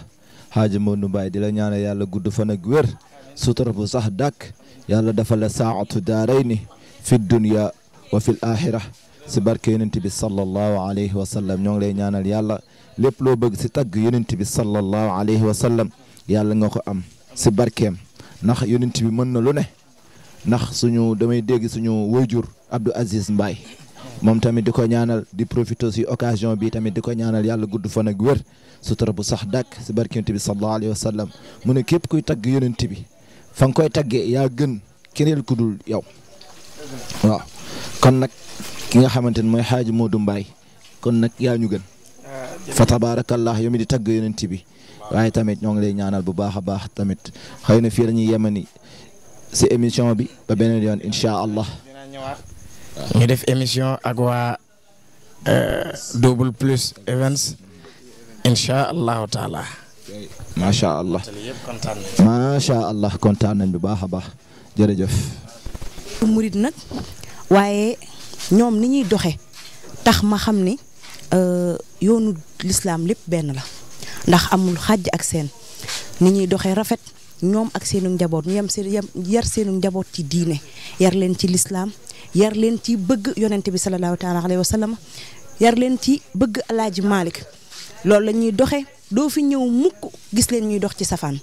xaaji Modou Mbaye di la ñaane yàlla gudd fan ak wér sutura bu sax dàkk yàlla dafa la saatu daarayni fi dunya wa fi l axira si barke yonent bi sallallahu alayhi wa sallam ñoo ngi lay ñaanal yàlla lépp loo bëgg si tagg yonent bi sallallahu alayhi wa sallam yàlla nga ko am si barkeem ndax yonent bi mën na lu ne ndax suñu damay dégg suñu wayjur Abdou Aziz mbaay moom tamit di ko ñaanal di profité si occasion bi tamit di ko ñaanal yàlla gudd fan ak wér sutura bu sax dàkk si barke bi sallallahu alayhi wa sallam mu ne képp kuy tagg yeneent bi fa nga koy taggee yaa gën keneen ku dul yow waaw kon nag ki nga xamante ne mooy xaaji Modou mbaay kon nag yaa ñu gën فتبارك الله يوم دي تاغ يونتي بي واي تاميت نون لي نانال بو باخا باخ تاميت خاينا في لا ني يمني سي ايميشن بي با بن ليون ان شاء الله ني ديف ايميشن اكوا دوبل بلس ايفنتس ان شاء الله تعالى ما شاء الله ما شاء الله كونتان نان بي باخا باخ جيرجوف مريد نك وايي نيوم ني ني دوخه تخ ما خامني Euh, yoonu lislaam lépp benn la ndax amul xaj ak seen ni ñuy doxee rafet ñoom ak seenu njaboot ñu yem seen yar seenu njaboot ci diine yar leen ci lislaam yar leen ci bëgg yonente bi salallaahu taala alayhi wa yar leen ci bëgg alaaji malik loolu la ñuy doxee doo fi ñëw mukk gis leen ñuy dox ci safaan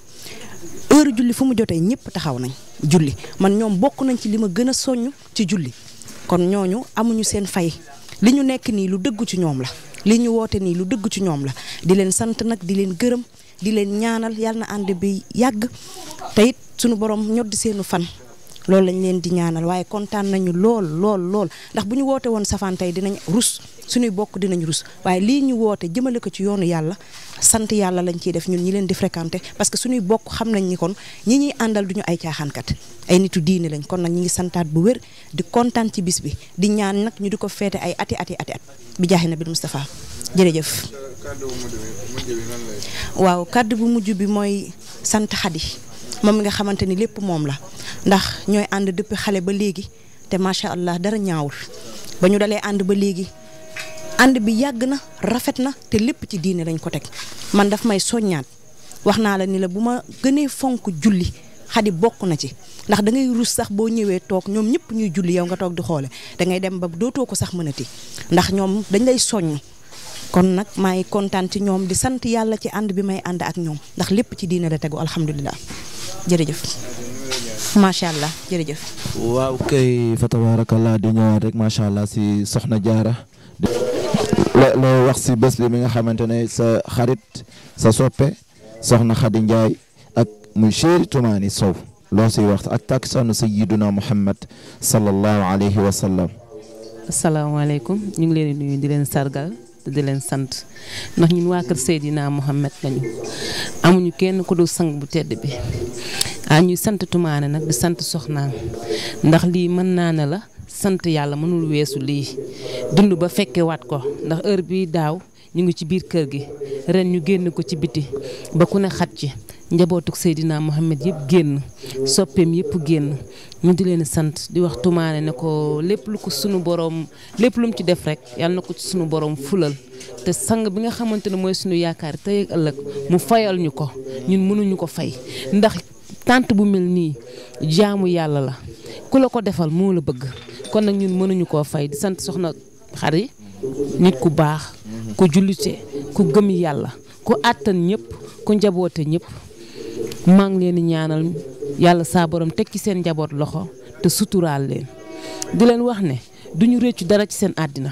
heure julli fu mu jotee ñëpp taxaw nañ julli man ñoom bokk nañ ci li ma gën a soññ ci julli kon ñooñu amuñu seen fay li ñu nekk nii lu dëgg ci ñoom la li ñu woote nii lu dëgg ci ñoom la di leen sant nag di leen gërëm di leen ñaanal yàlla na ànd bi yàgg te it sunu borom ñoddi seenu fan loolu lañ leen di ñaanal waaye kontaan nañu lool lool lool ndax bu ñu woote woon safaan tey dinañ rus suñuy bokk dinañ rus waaye lii ñu woote jëmale ko ci yoonu yàlla sant yàlla lañ ciy def ñun ñi leen di fréquenté parce que suñuy bokk xam nañ ni kon ñi ñuy àndal duñu ay caaxaankat ay nitu diine lañ kon nag ñi ngi santaat bu wér di kontaan ci bis bi di ñaan nag ñu di ko feete ay ati ati ati at bi jaaxi na bi Moustapha jërëjëf waaw kàddu bu mujj bi mooy sant Xadi mom nga xamanteni lepp mom la ndax ñoy and depuis xalé ba té ma sha allah dara ñaawul ba ñu dalee ànd ba légui and bi yag na rafet na té lepp ci diiné lañ ko tek man daf may soññaat waxna la ni la buma gëné fonk julli xadi bokku na ci ndax da ngay rus sax bo ñëwé tok ñom ñëpp ñuy julli yow nga tok di xolé da ngay dem ba doto ko sax ti ndax ñom dañ lay soñu kon nag maay kontaan ci ñoom di sant yàlla ci ànd bi may ànd ak ñoom ndax lépp ci diine la tegu alhamdulilah jërëjëf macha allah jërëjëf. waaw kay fa tabarakallah di ñëwaat rek macha allah si Soxna Jaara loo wax si bés bi mi nga xamante ne sa xarit sa soppe Soxna Xadi Njaay ak muy chéri Tumaani Sow loo siy wax ak taksaanu sayyiduna Muhammad sallallahu alayhi wa sallam. asalaamaaleykum ñu ngi leen di di leen sargal. te di leen sant ndax ñun waa kër Seydina Mohamed lañu amuñu kenn ku dul sang bu tedd bi ah ñuy sant Tumaane nag di sant soxnaam ndax lii mën naa ne la sant yàlla mënul weesu lii dund ba fekke waat ko ndax heure bi daaw ñu ngi ci biir kër gi ren ñu génn ko ci biti ba ku ne xat ci njabootuk Seydina Mohamed yëpp génn soppeem yëpp génn ñu di leen sant di wax tumaane ne ko lépp lu ko sunu borom lépp lum ci def rek yàlla na ko ci sunu borom fulal te sang bi nga xamante ne mooy sunu yaakaar tey ëllëg mu fayal ñu ko ñun mënuñu ko fay ndax tant bu mel nii jaamu yàlla la ku la ko defal moo la bëgg kon nag ñun mënuñu koo fay di sant soxna xari nit ku baax ku jullite ku gëm yàlla ku àttan ñëpp ku njaboote ñëpp maa ngi leen di ñaanal yàlla saa borom teg ci seen njaboot loxo te suturaal leen di leen wax ne duñu rëccu dara ci seen àddina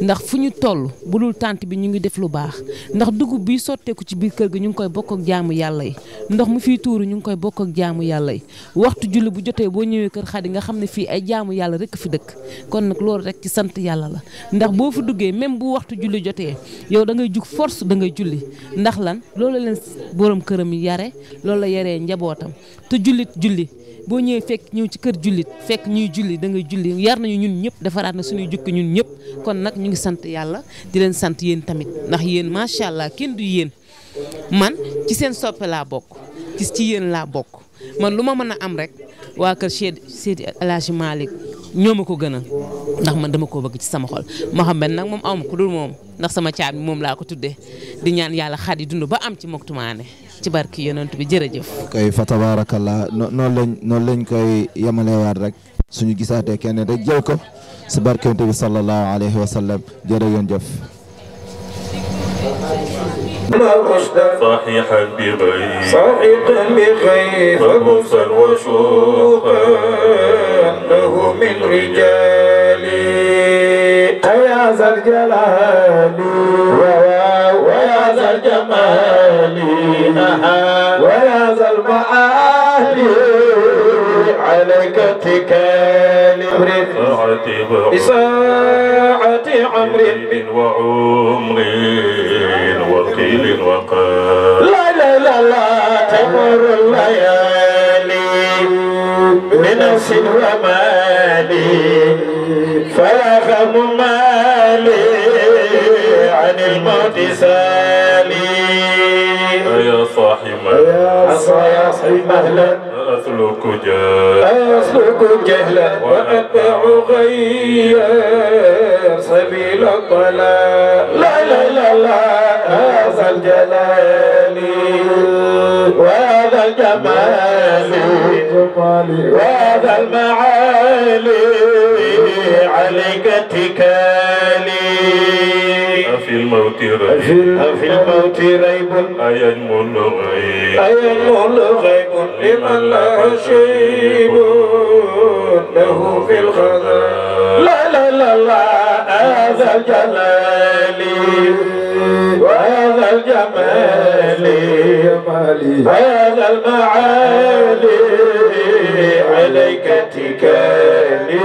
ndax fu ñu toll bu dul tànt bi ñu ngi def lu baax ndax dugub bi sotteeku ci biir kër gi ñu ngi koy bokk ak jaamu yàlla yi ndox mu fiy tuuru ñu ngi koy bokk ak jaamu yàlla yi waxtu julli bu jotee boo ñëwee kër Xadi nga xam ne fii ay jaamu yàlla rek fi dëkk kon nag loolu rek ci sant yàlla la ndax boo fa duggee même bu waxtu julli jotee yow da ngay jug force da ngay julli ndax lan loolu leen borom këram yare loolu la yaree njabootam te jullit julli boo ñëwee fekk ñëw ci kër jullit fekk ñuy julli dangay ngay yar nañu ñun ñëpp defaraat na suñuy jukki ñun ñëpp kon nag ñu ngi sant yàlla di leen sant yéen tamit ndax yéen macha allah kenn du yéen man ci seen soppe laa bokk ci yéen laa bokk man lu ma mën a am rek waa kër Seydi Seydi El Hadji ma ko gënal ndax man dama koo bëgg ci sama xol Mouhamed nag moom aw ma ku dul moom ndax sama caat moom laa ko tuddee di ñaan yàlla xaar yi dund ba am ci moktumaane ci barki yonent bi jërëjëf. kay fa tabaarakallaa noonu lañ noonu lañ koy yemalewaat rek suñu gisaate kenn rek jël ko si barki yonent bi alayhi wa sallam jërë ngeen jëf. صحيحا بغير صحيحا بغير خبصا وشوقا له من رجالي أيا ذا الجلال ويا ويا ظلم أهلي عليك اتكالي بساعة عمر من وعمر وقيل وقال لا لا لا لا تمر الليالي بنفس ومالي فيا غم مالي عن الموت سالي أسلك جهلا أسلك جهلا وأتبع غير سبيل الطلاء لا لا لا لا هذا الجلال وهذا الجمال وهذا المعالي عليك اتكال الموت ريب أي الموت غيب أي الغيب غيب لمن له شيب له في الخزان لا لا لا لا هذا الجلال وهذا الجمال هذا المعالي عليك اتكالي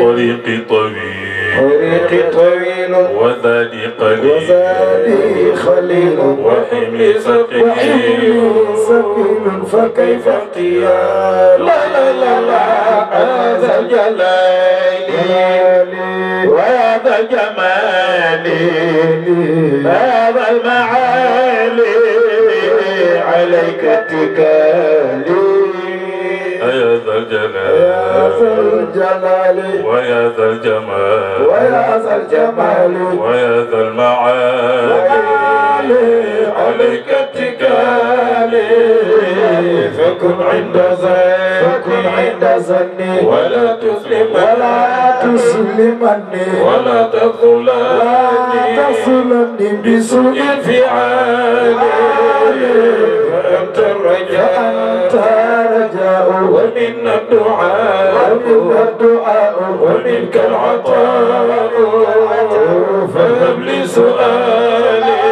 طريقي طويل طريقي طويل وذادي قليل خليل وحمي سقيم سقيم فكيف اختيار لا لا لا لا هذا الجلال وهذا الجمال هذا المعالي عليك اتكال ويا ذا الجلال يا ذا الجلال ويا ذا الجمال ويا ذا الجمال ويا ذا المعالي عليك اتكالي فكن عند زين فكن عند ظني ولا تسلم ولا تسلمني ولا تظلمني ولا تظلمني بسوء انفعالي فأنت الرجال ومنا الدعاء الدعاء ومنك العطاء فاذهب لي سؤالي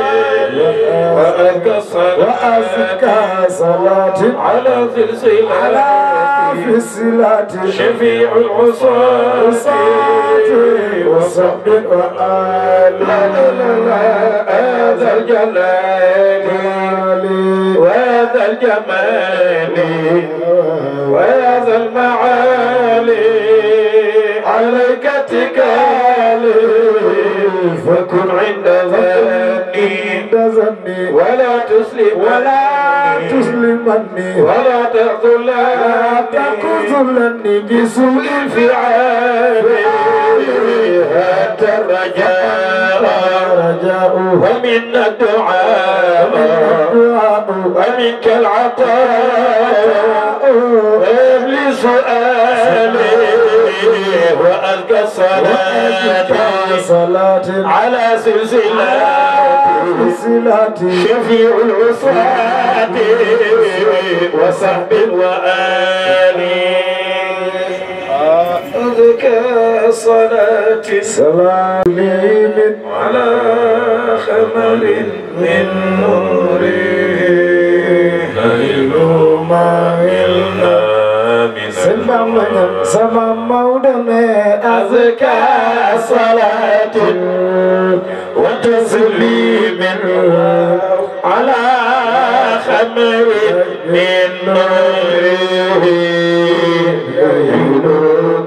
وأزكى صلاة صلاة على سلسلة على شفيع العصاة وصحب وآل لا لا لا هذا الجلال وهذا الجمال ويا ذا المعالي عليك تكاليف وكن عند ظني ولا تسلم ولا تسلمني ولا تخذلني بسوء الفعال هات الرجال الرجاء ومنا الدعاء ومنك العطاء ابليس سؤالي وألقى صلاة على سلسلة شفيع العصاة وصحب وآلي عليك صلاتي سلام على خمر من نوري نيل ما إلا سلام سلام مودمي أزكى صلاتي وتسليم على خمر من نوري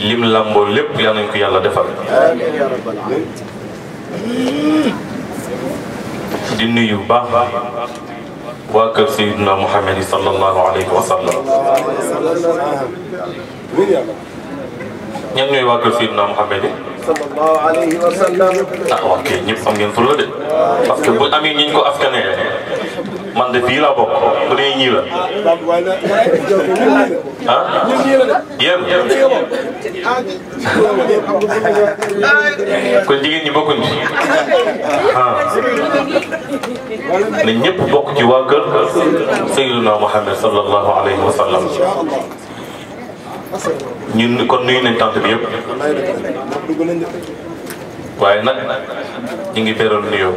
lim làmboo lépp yal nañ ko yàlla defal di nuyu baax waa kër Seydina Muhammad sallallahu alayhi wa sallam ñan ñooy waa kër Seydina Muhammad sallallahu alayhi wa sallam ah ok ñëpp am ngeen fulla de parce que bu amee ñu ko askanee man de fii laa bokk bu dee ñii la ah yéen kon jigéen ñi bokkuñ ci ah na ñëpp bokk ci waa kër Sayyiduna Muhammad sallallahu alayhi wa sallam ñun kon nuyu nañ tante bi yëpp waaye nag ñu ngi beral nuyoo.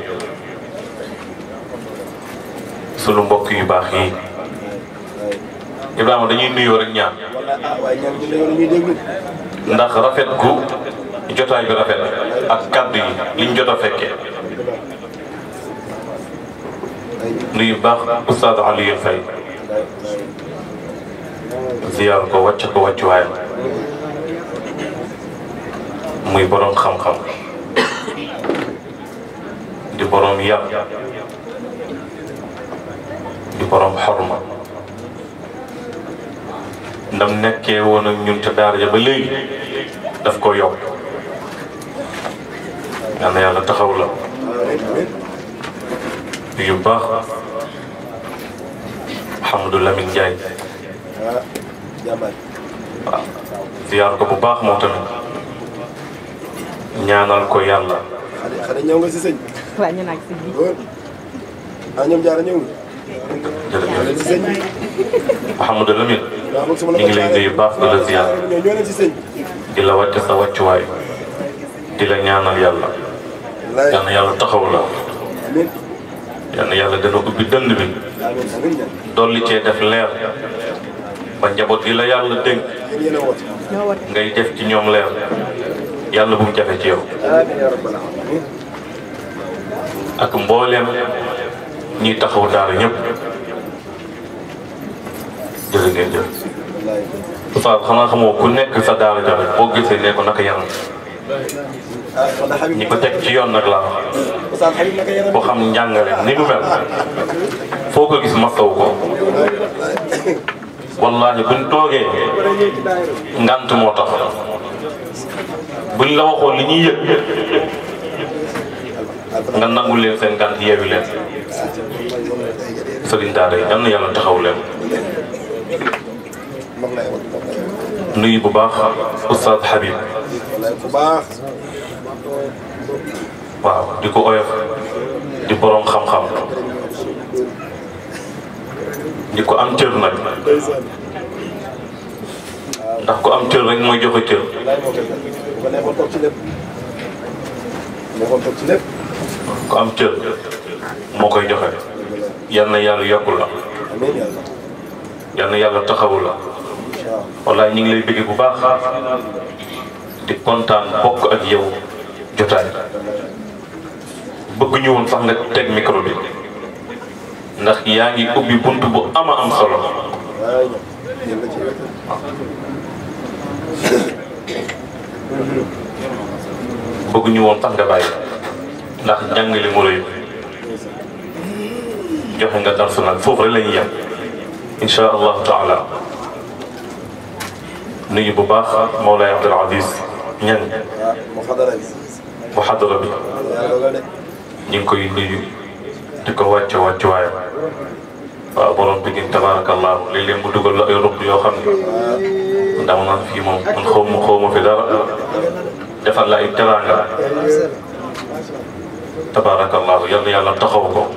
sunu mbokk yu baax yi dañuy nuyoo rek ñaan ndax rafet gu jotaay bi rafet ak kàddu yi liñ jot a fekkee nuyu baax Oustaz Aliou Faye ziyaar ko wàcc ko wàccuwaayam muy boroom xam-xam di boroom yar di borom xorma ndam nekkee woon ak ñun ca daara ja ba léegi daf ko yokk yal yàlla taxaw la yu baax Mouhamadou Lamine Ndiaye waaw ziyaar ko bu baax moo tamit ñaanal ko yàlla xanaa ñëw nga si waa ñu nag si ah, ñoom jaara ñëw nga jërëjëf Mouhamadou Lamine ñu ngi lay nuyu baax di la di la wàcc sa wàccuwaay di la ñaanal yàlla yal na yàlla taxaw la yal na yàlla gën a ubbi dënd bi dolli cee def leer ba njaboot gi la yàlla dénk ngay def ci ñoom leer yàlla bu mu jafe ci yow ak mbooleem ñuy taxaw daara ñëpp jërë ngeen xanaa xamoo ku nekk sa daara ja boo gisee nee ko ñi ko teg ci yoon nag laa ko xam njàngale ni mu mel foo ko gis masaw ko wallaahi buñ toogee ngant moo tax buñ la waxoon li ñuy yëg nga nangu leen seen ngant yeewi leen sëriñ daara yi yal na yàlla taxaw leen nuyu bu baax oustaz Habib waaw di ko oyof di boroom xam-xam di ko am cër nag ndax ko am cër rek mooy joxe cër ko am cër moo koy joxe yal na yàlla yokku la yal na yàlla taxawu la wallaay ñu ngi lay bëgg bu baax di kontaan bokk ak yow jotaay bëgg ñu woon sax nga teg micro ndax yaa ngi ubbi bunt bu ama am solo bëgg ñu woon sax nga bàyyi ndax jàng li يهنگا درسنا الفغر لنيا إن شاء الله تعالى نيو بباخ مولا عبد العزيز نين محضر بي محضر بي نين كو يدنيو تكو واتش واتش وايا تبارك الله للي مدوغ الله يرب يوخم دامنا في مو من خوم في دار دفن لا ابتغانا تبارك الله يلي يلا تخوكم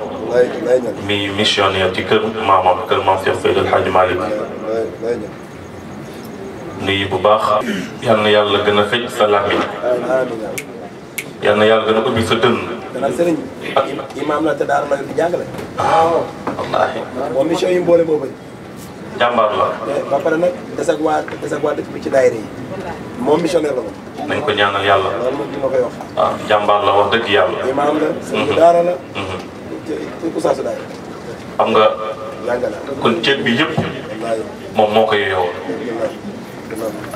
mi mission ya ci kër maamam kër maam Cheikh Seydil Hadji Malick nuyu bu baax yal na yàlla gën a fecc sa làmmiñ yal na yàlla gën a ubbi sa dënn ak imaam la te daara la di jàngale waaw wallaahi moom mission yi mboole boobu jàmbaar la ba pare nag des ak waa des ak waa dëkk bi ci daayira yi moom missionnaire la moom nañ ko ñaanal yàlla loolu moom dina koy wax waaw jàmbaar la wax dëgg yàlla imaam la sëñ daara la xam nga kon ceeb bi yëpp moom moo ko yeyoon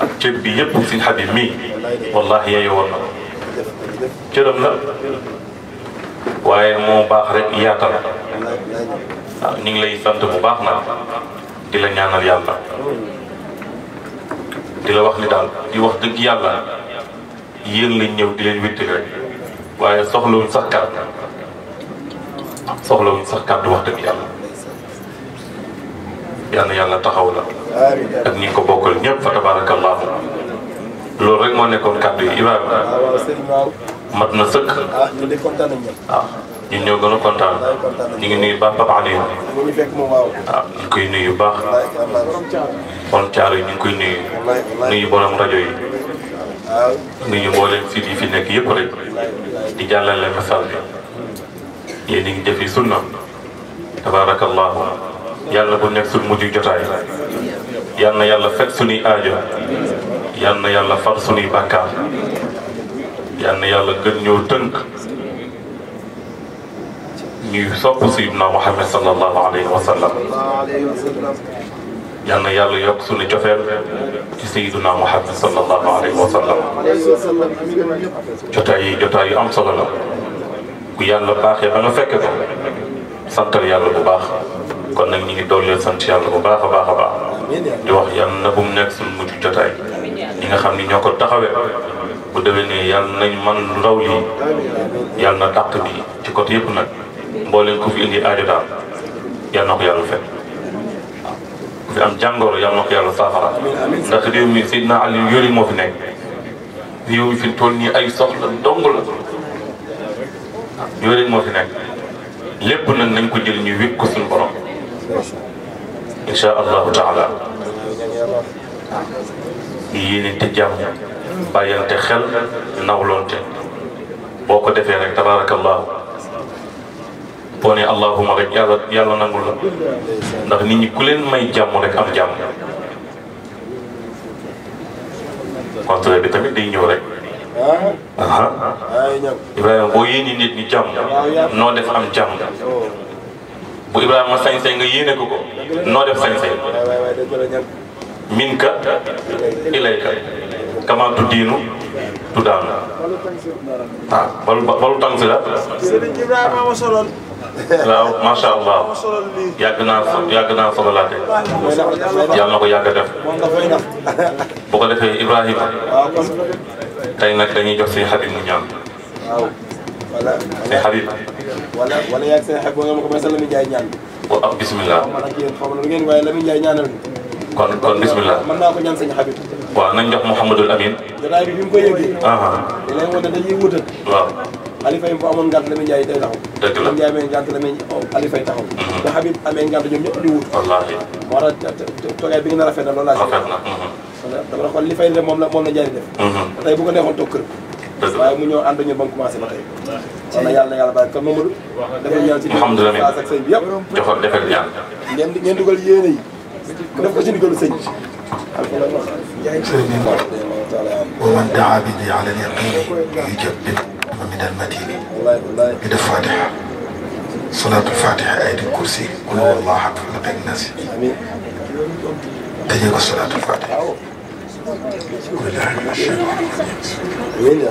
ak bi yépp si Habib mii wallahi yeyoon na cëram la waaye moo baax rek yaatal waaw ah, ñu ngi lay sant bu baax na di la ñaanal yàlla di la wax ni daal di wax dëgg yàlla yéen lañ ñëw di leen wéttali rek waaye soxlawul sax kàddu soxlawuñ sax kàddu wax dëgg yàlla yàlla taxaw la ak ñi ko bokkal ñëpp fa tabarakallah loolu rek moo nekkoon kàddu yi ah, mat na sëkk waaw ah, ah, ñun ñoo gën a kontaan ñu ngi nuyu baax Papa Aliou waaw ñu koy nuyu baax kon caaro ñu koy nuyu nuyu borom rajo yi nuyu mbooleem sit yi fi nekk yëpp rek di jàllale message bi يعني نجي في سنة تبارك الله يلا بنيك سن مجي جتاي يلا يلا فك سني آجا يلا يلا فر سني بكا يلا يلا جنيو تنك ني سوف سيدنا محمد صلى الله عليه وسلم يلا يلا يوك سني جفر سيدنا محمد صلى الله عليه وسلم جتاي جتاي أم صلى الله عليه وسلم ku yàlla baaxee ba nga fekke ko santal yàlla bu baax kon nag ñu ngi dooleel sant yàlla bu baax a baax a baax di wax yàlla na bu mu nekk suñu mujj jotaay ñi nga xam ni ñoo ko taxawee bu déwénee yàlla nañ man lu raw lii yàlla na dàq bi ci côté yëpp nag mbooleen ku fi indi aajo daal yàlla na ko yàlla fekk ku fi am jàngoro yàlla na ko yàlla saafara ndax réew mi Seydina Aliou yori moo fi nekk réew mi fi toll nii ay soxla dong la yooyu rek moo fi nekk lépp nag nañ ko jël ñu wékk ko suñu borom insha allahu taala yéenente jàmm bàyyante xel nawloonte boo ko defee rek tabarakallahu boo ne allahuma rek yàlla yàlla nangul la ndax nit ñi ku leen may jàmm rek am jàmm contre bi tamit day ñëw rek Ibrahima boo yéene nit ñi noo def am jàmm bu Ibrahima sañ-sañ nga yéene ko ko noo def sañ-sañ min ilay ka kamaa tuddiinu tuddaanu waaw ah, balu balu tànk si la waaw macha allah yàgg naa def bu ko defee Ibrahima tey nag dañuy jox sëñ Habib mu ñaan. waaw. wala sëñ Habib. yaa ngi sëñ Habib nga ah, ma ko may sax la muy jaay ñaan. waaw bisimilah. waaw man ak yéen xaw ma lu ngeen waaye la naa ko ñaan sëñ Habib. waaw nañ jox Mouhamadul Amin. jotaay bi bi mu koy yëgee. Ah. di leen wane alifay bu amoon ngànt la muy njaay day taxaw dëgg la njaay amee ngànt la muy oh, alifay taxaw ba mhm. Habib amee ngànt ñoom ñëpp di wut wallaahi moo tax toogaay bi nga rafet na loolu laa si mhm. dama la xool li fay ne moom la moom la njaay def mhm. te tey bu ko neexoon toog kër waaye mu ñëw ànd ñun ba mu commencé ba tey wala yàlla yàlla baax kon Mamadou dafa ñaan si alhamdulilah ak sëñ bi yëpp joxoon defal ñaan ngeen ngeen dugal yéene yi def ko ci ndigalu sëñ alhamdulilah sëriñ bi wa man daa bi di ala yaqini yujab المدينة إذا الفاتحة صلاة الفاتحة آية الكرسي قل هو الله أحد فلق الناس تجيك صلاة الفاتحة قل الله من الشيطان الرجيم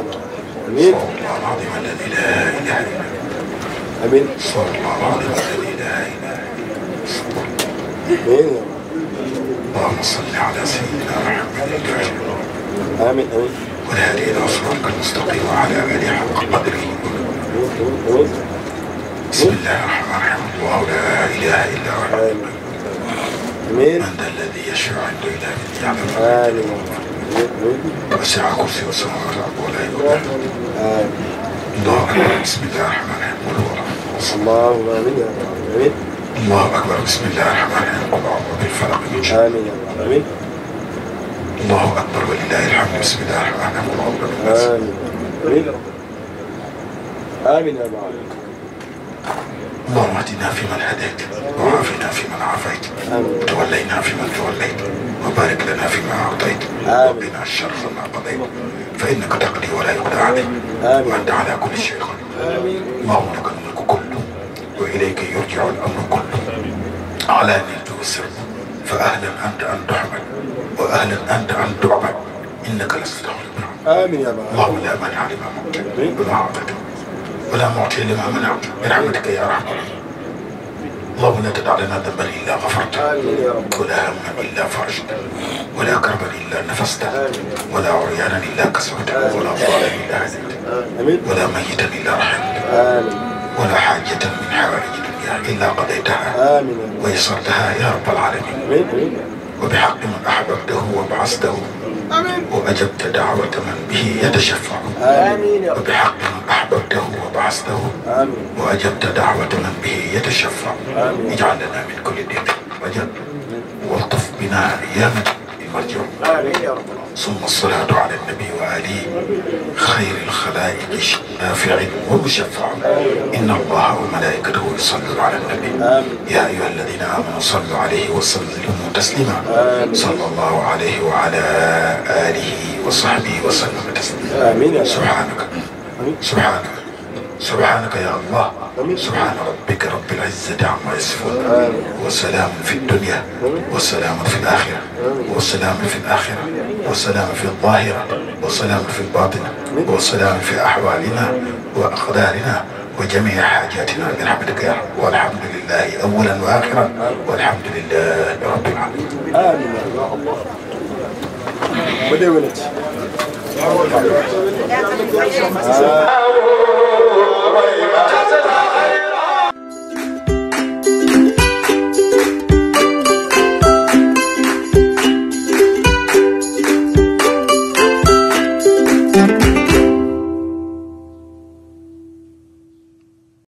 أمين الله العظيم الذي لا إله إلا هو أمين صلى الله العظيم الذي لا إله إلا أمين اللهم صل على سيدنا محمد آمين آمين والهادي إلى صراطك المستقيم وعلى آله حق قدره بسم الله الرحمن الرحيم الله لا إله إلا هو من ذا الذي يشفع عنده إلا من يعلم وسع كرسي وسمع الأرض ولا يؤذى الله أكبر بسم الله الرحمن الرحيم قل هو الله آمين يا رب العالمين الله أكبر بسم الله الرحمن الرحيم قل أعوذ بالفلق من شر آمين يا رب الله أكبر ولله الحمد بسم الله الرحمن الرحيم آمين آمين يا أبو علي اللهم اهدنا فيمن هديت وعافنا فيمن عافيت وتولينا فيمن توليت وبارك لنا فيما اعطيت وقنا الشر ما قضيت فانك تقضي ولا يقضى عليك وانت على كل شيء قدير اللهم لك الملك كله واليك يرجع الامر كله علانيته وسره فأهلا أنت أن تحمد وأهلا أنت أن تعبد إنك لست تحمد آمين يا رب اللهم لا مانع لما ممكن بما أعطيت ولا معطي لما منعت برحمتك يا رحمة اللهم لا تدع لنا ذنبا الا غفرته ولا هما الا فرجته ولا كربا الا نفسته ولا عريانا الا كسوته ولا ضالا الا هديته ولا ميتا الا رحمته ولا حاجه من حوائج إلا قضيتها ويسرتها يا رب العالمين وبحق من أحببته وبعثته وأجبت دعوة من به يتشفع وبحق من أحببته وبعثته وأجبت دعوة من به يتشفع اجعلنا من كل دين وجد والطف بنا مجد ثم الصلاة على النبي وعلي خير الخلائق شافع ومشفع إن الله وملائكته يصلوا على النبي يا أيها الذين آمنوا صلوا عليه وسلموا تسليما صلى الله عليه وعلى آله وصحبه وسلم تسليما سبحانك سبحانك سبحانك يا الله سبحان ربك رب العزة عما يصفون وسلام في الدنيا وسلام في الآخرة وسلام في الآخرة وسلام في الظاهرة وسلام في الباطنة وسلام في أحوالنا وأقدارنا وجميع حاجاتنا برحمتك يا رب والحمد لله أولا وآخرا والحمد لله رب العالمين آمين يا الله بدأ ولد Oh, my God.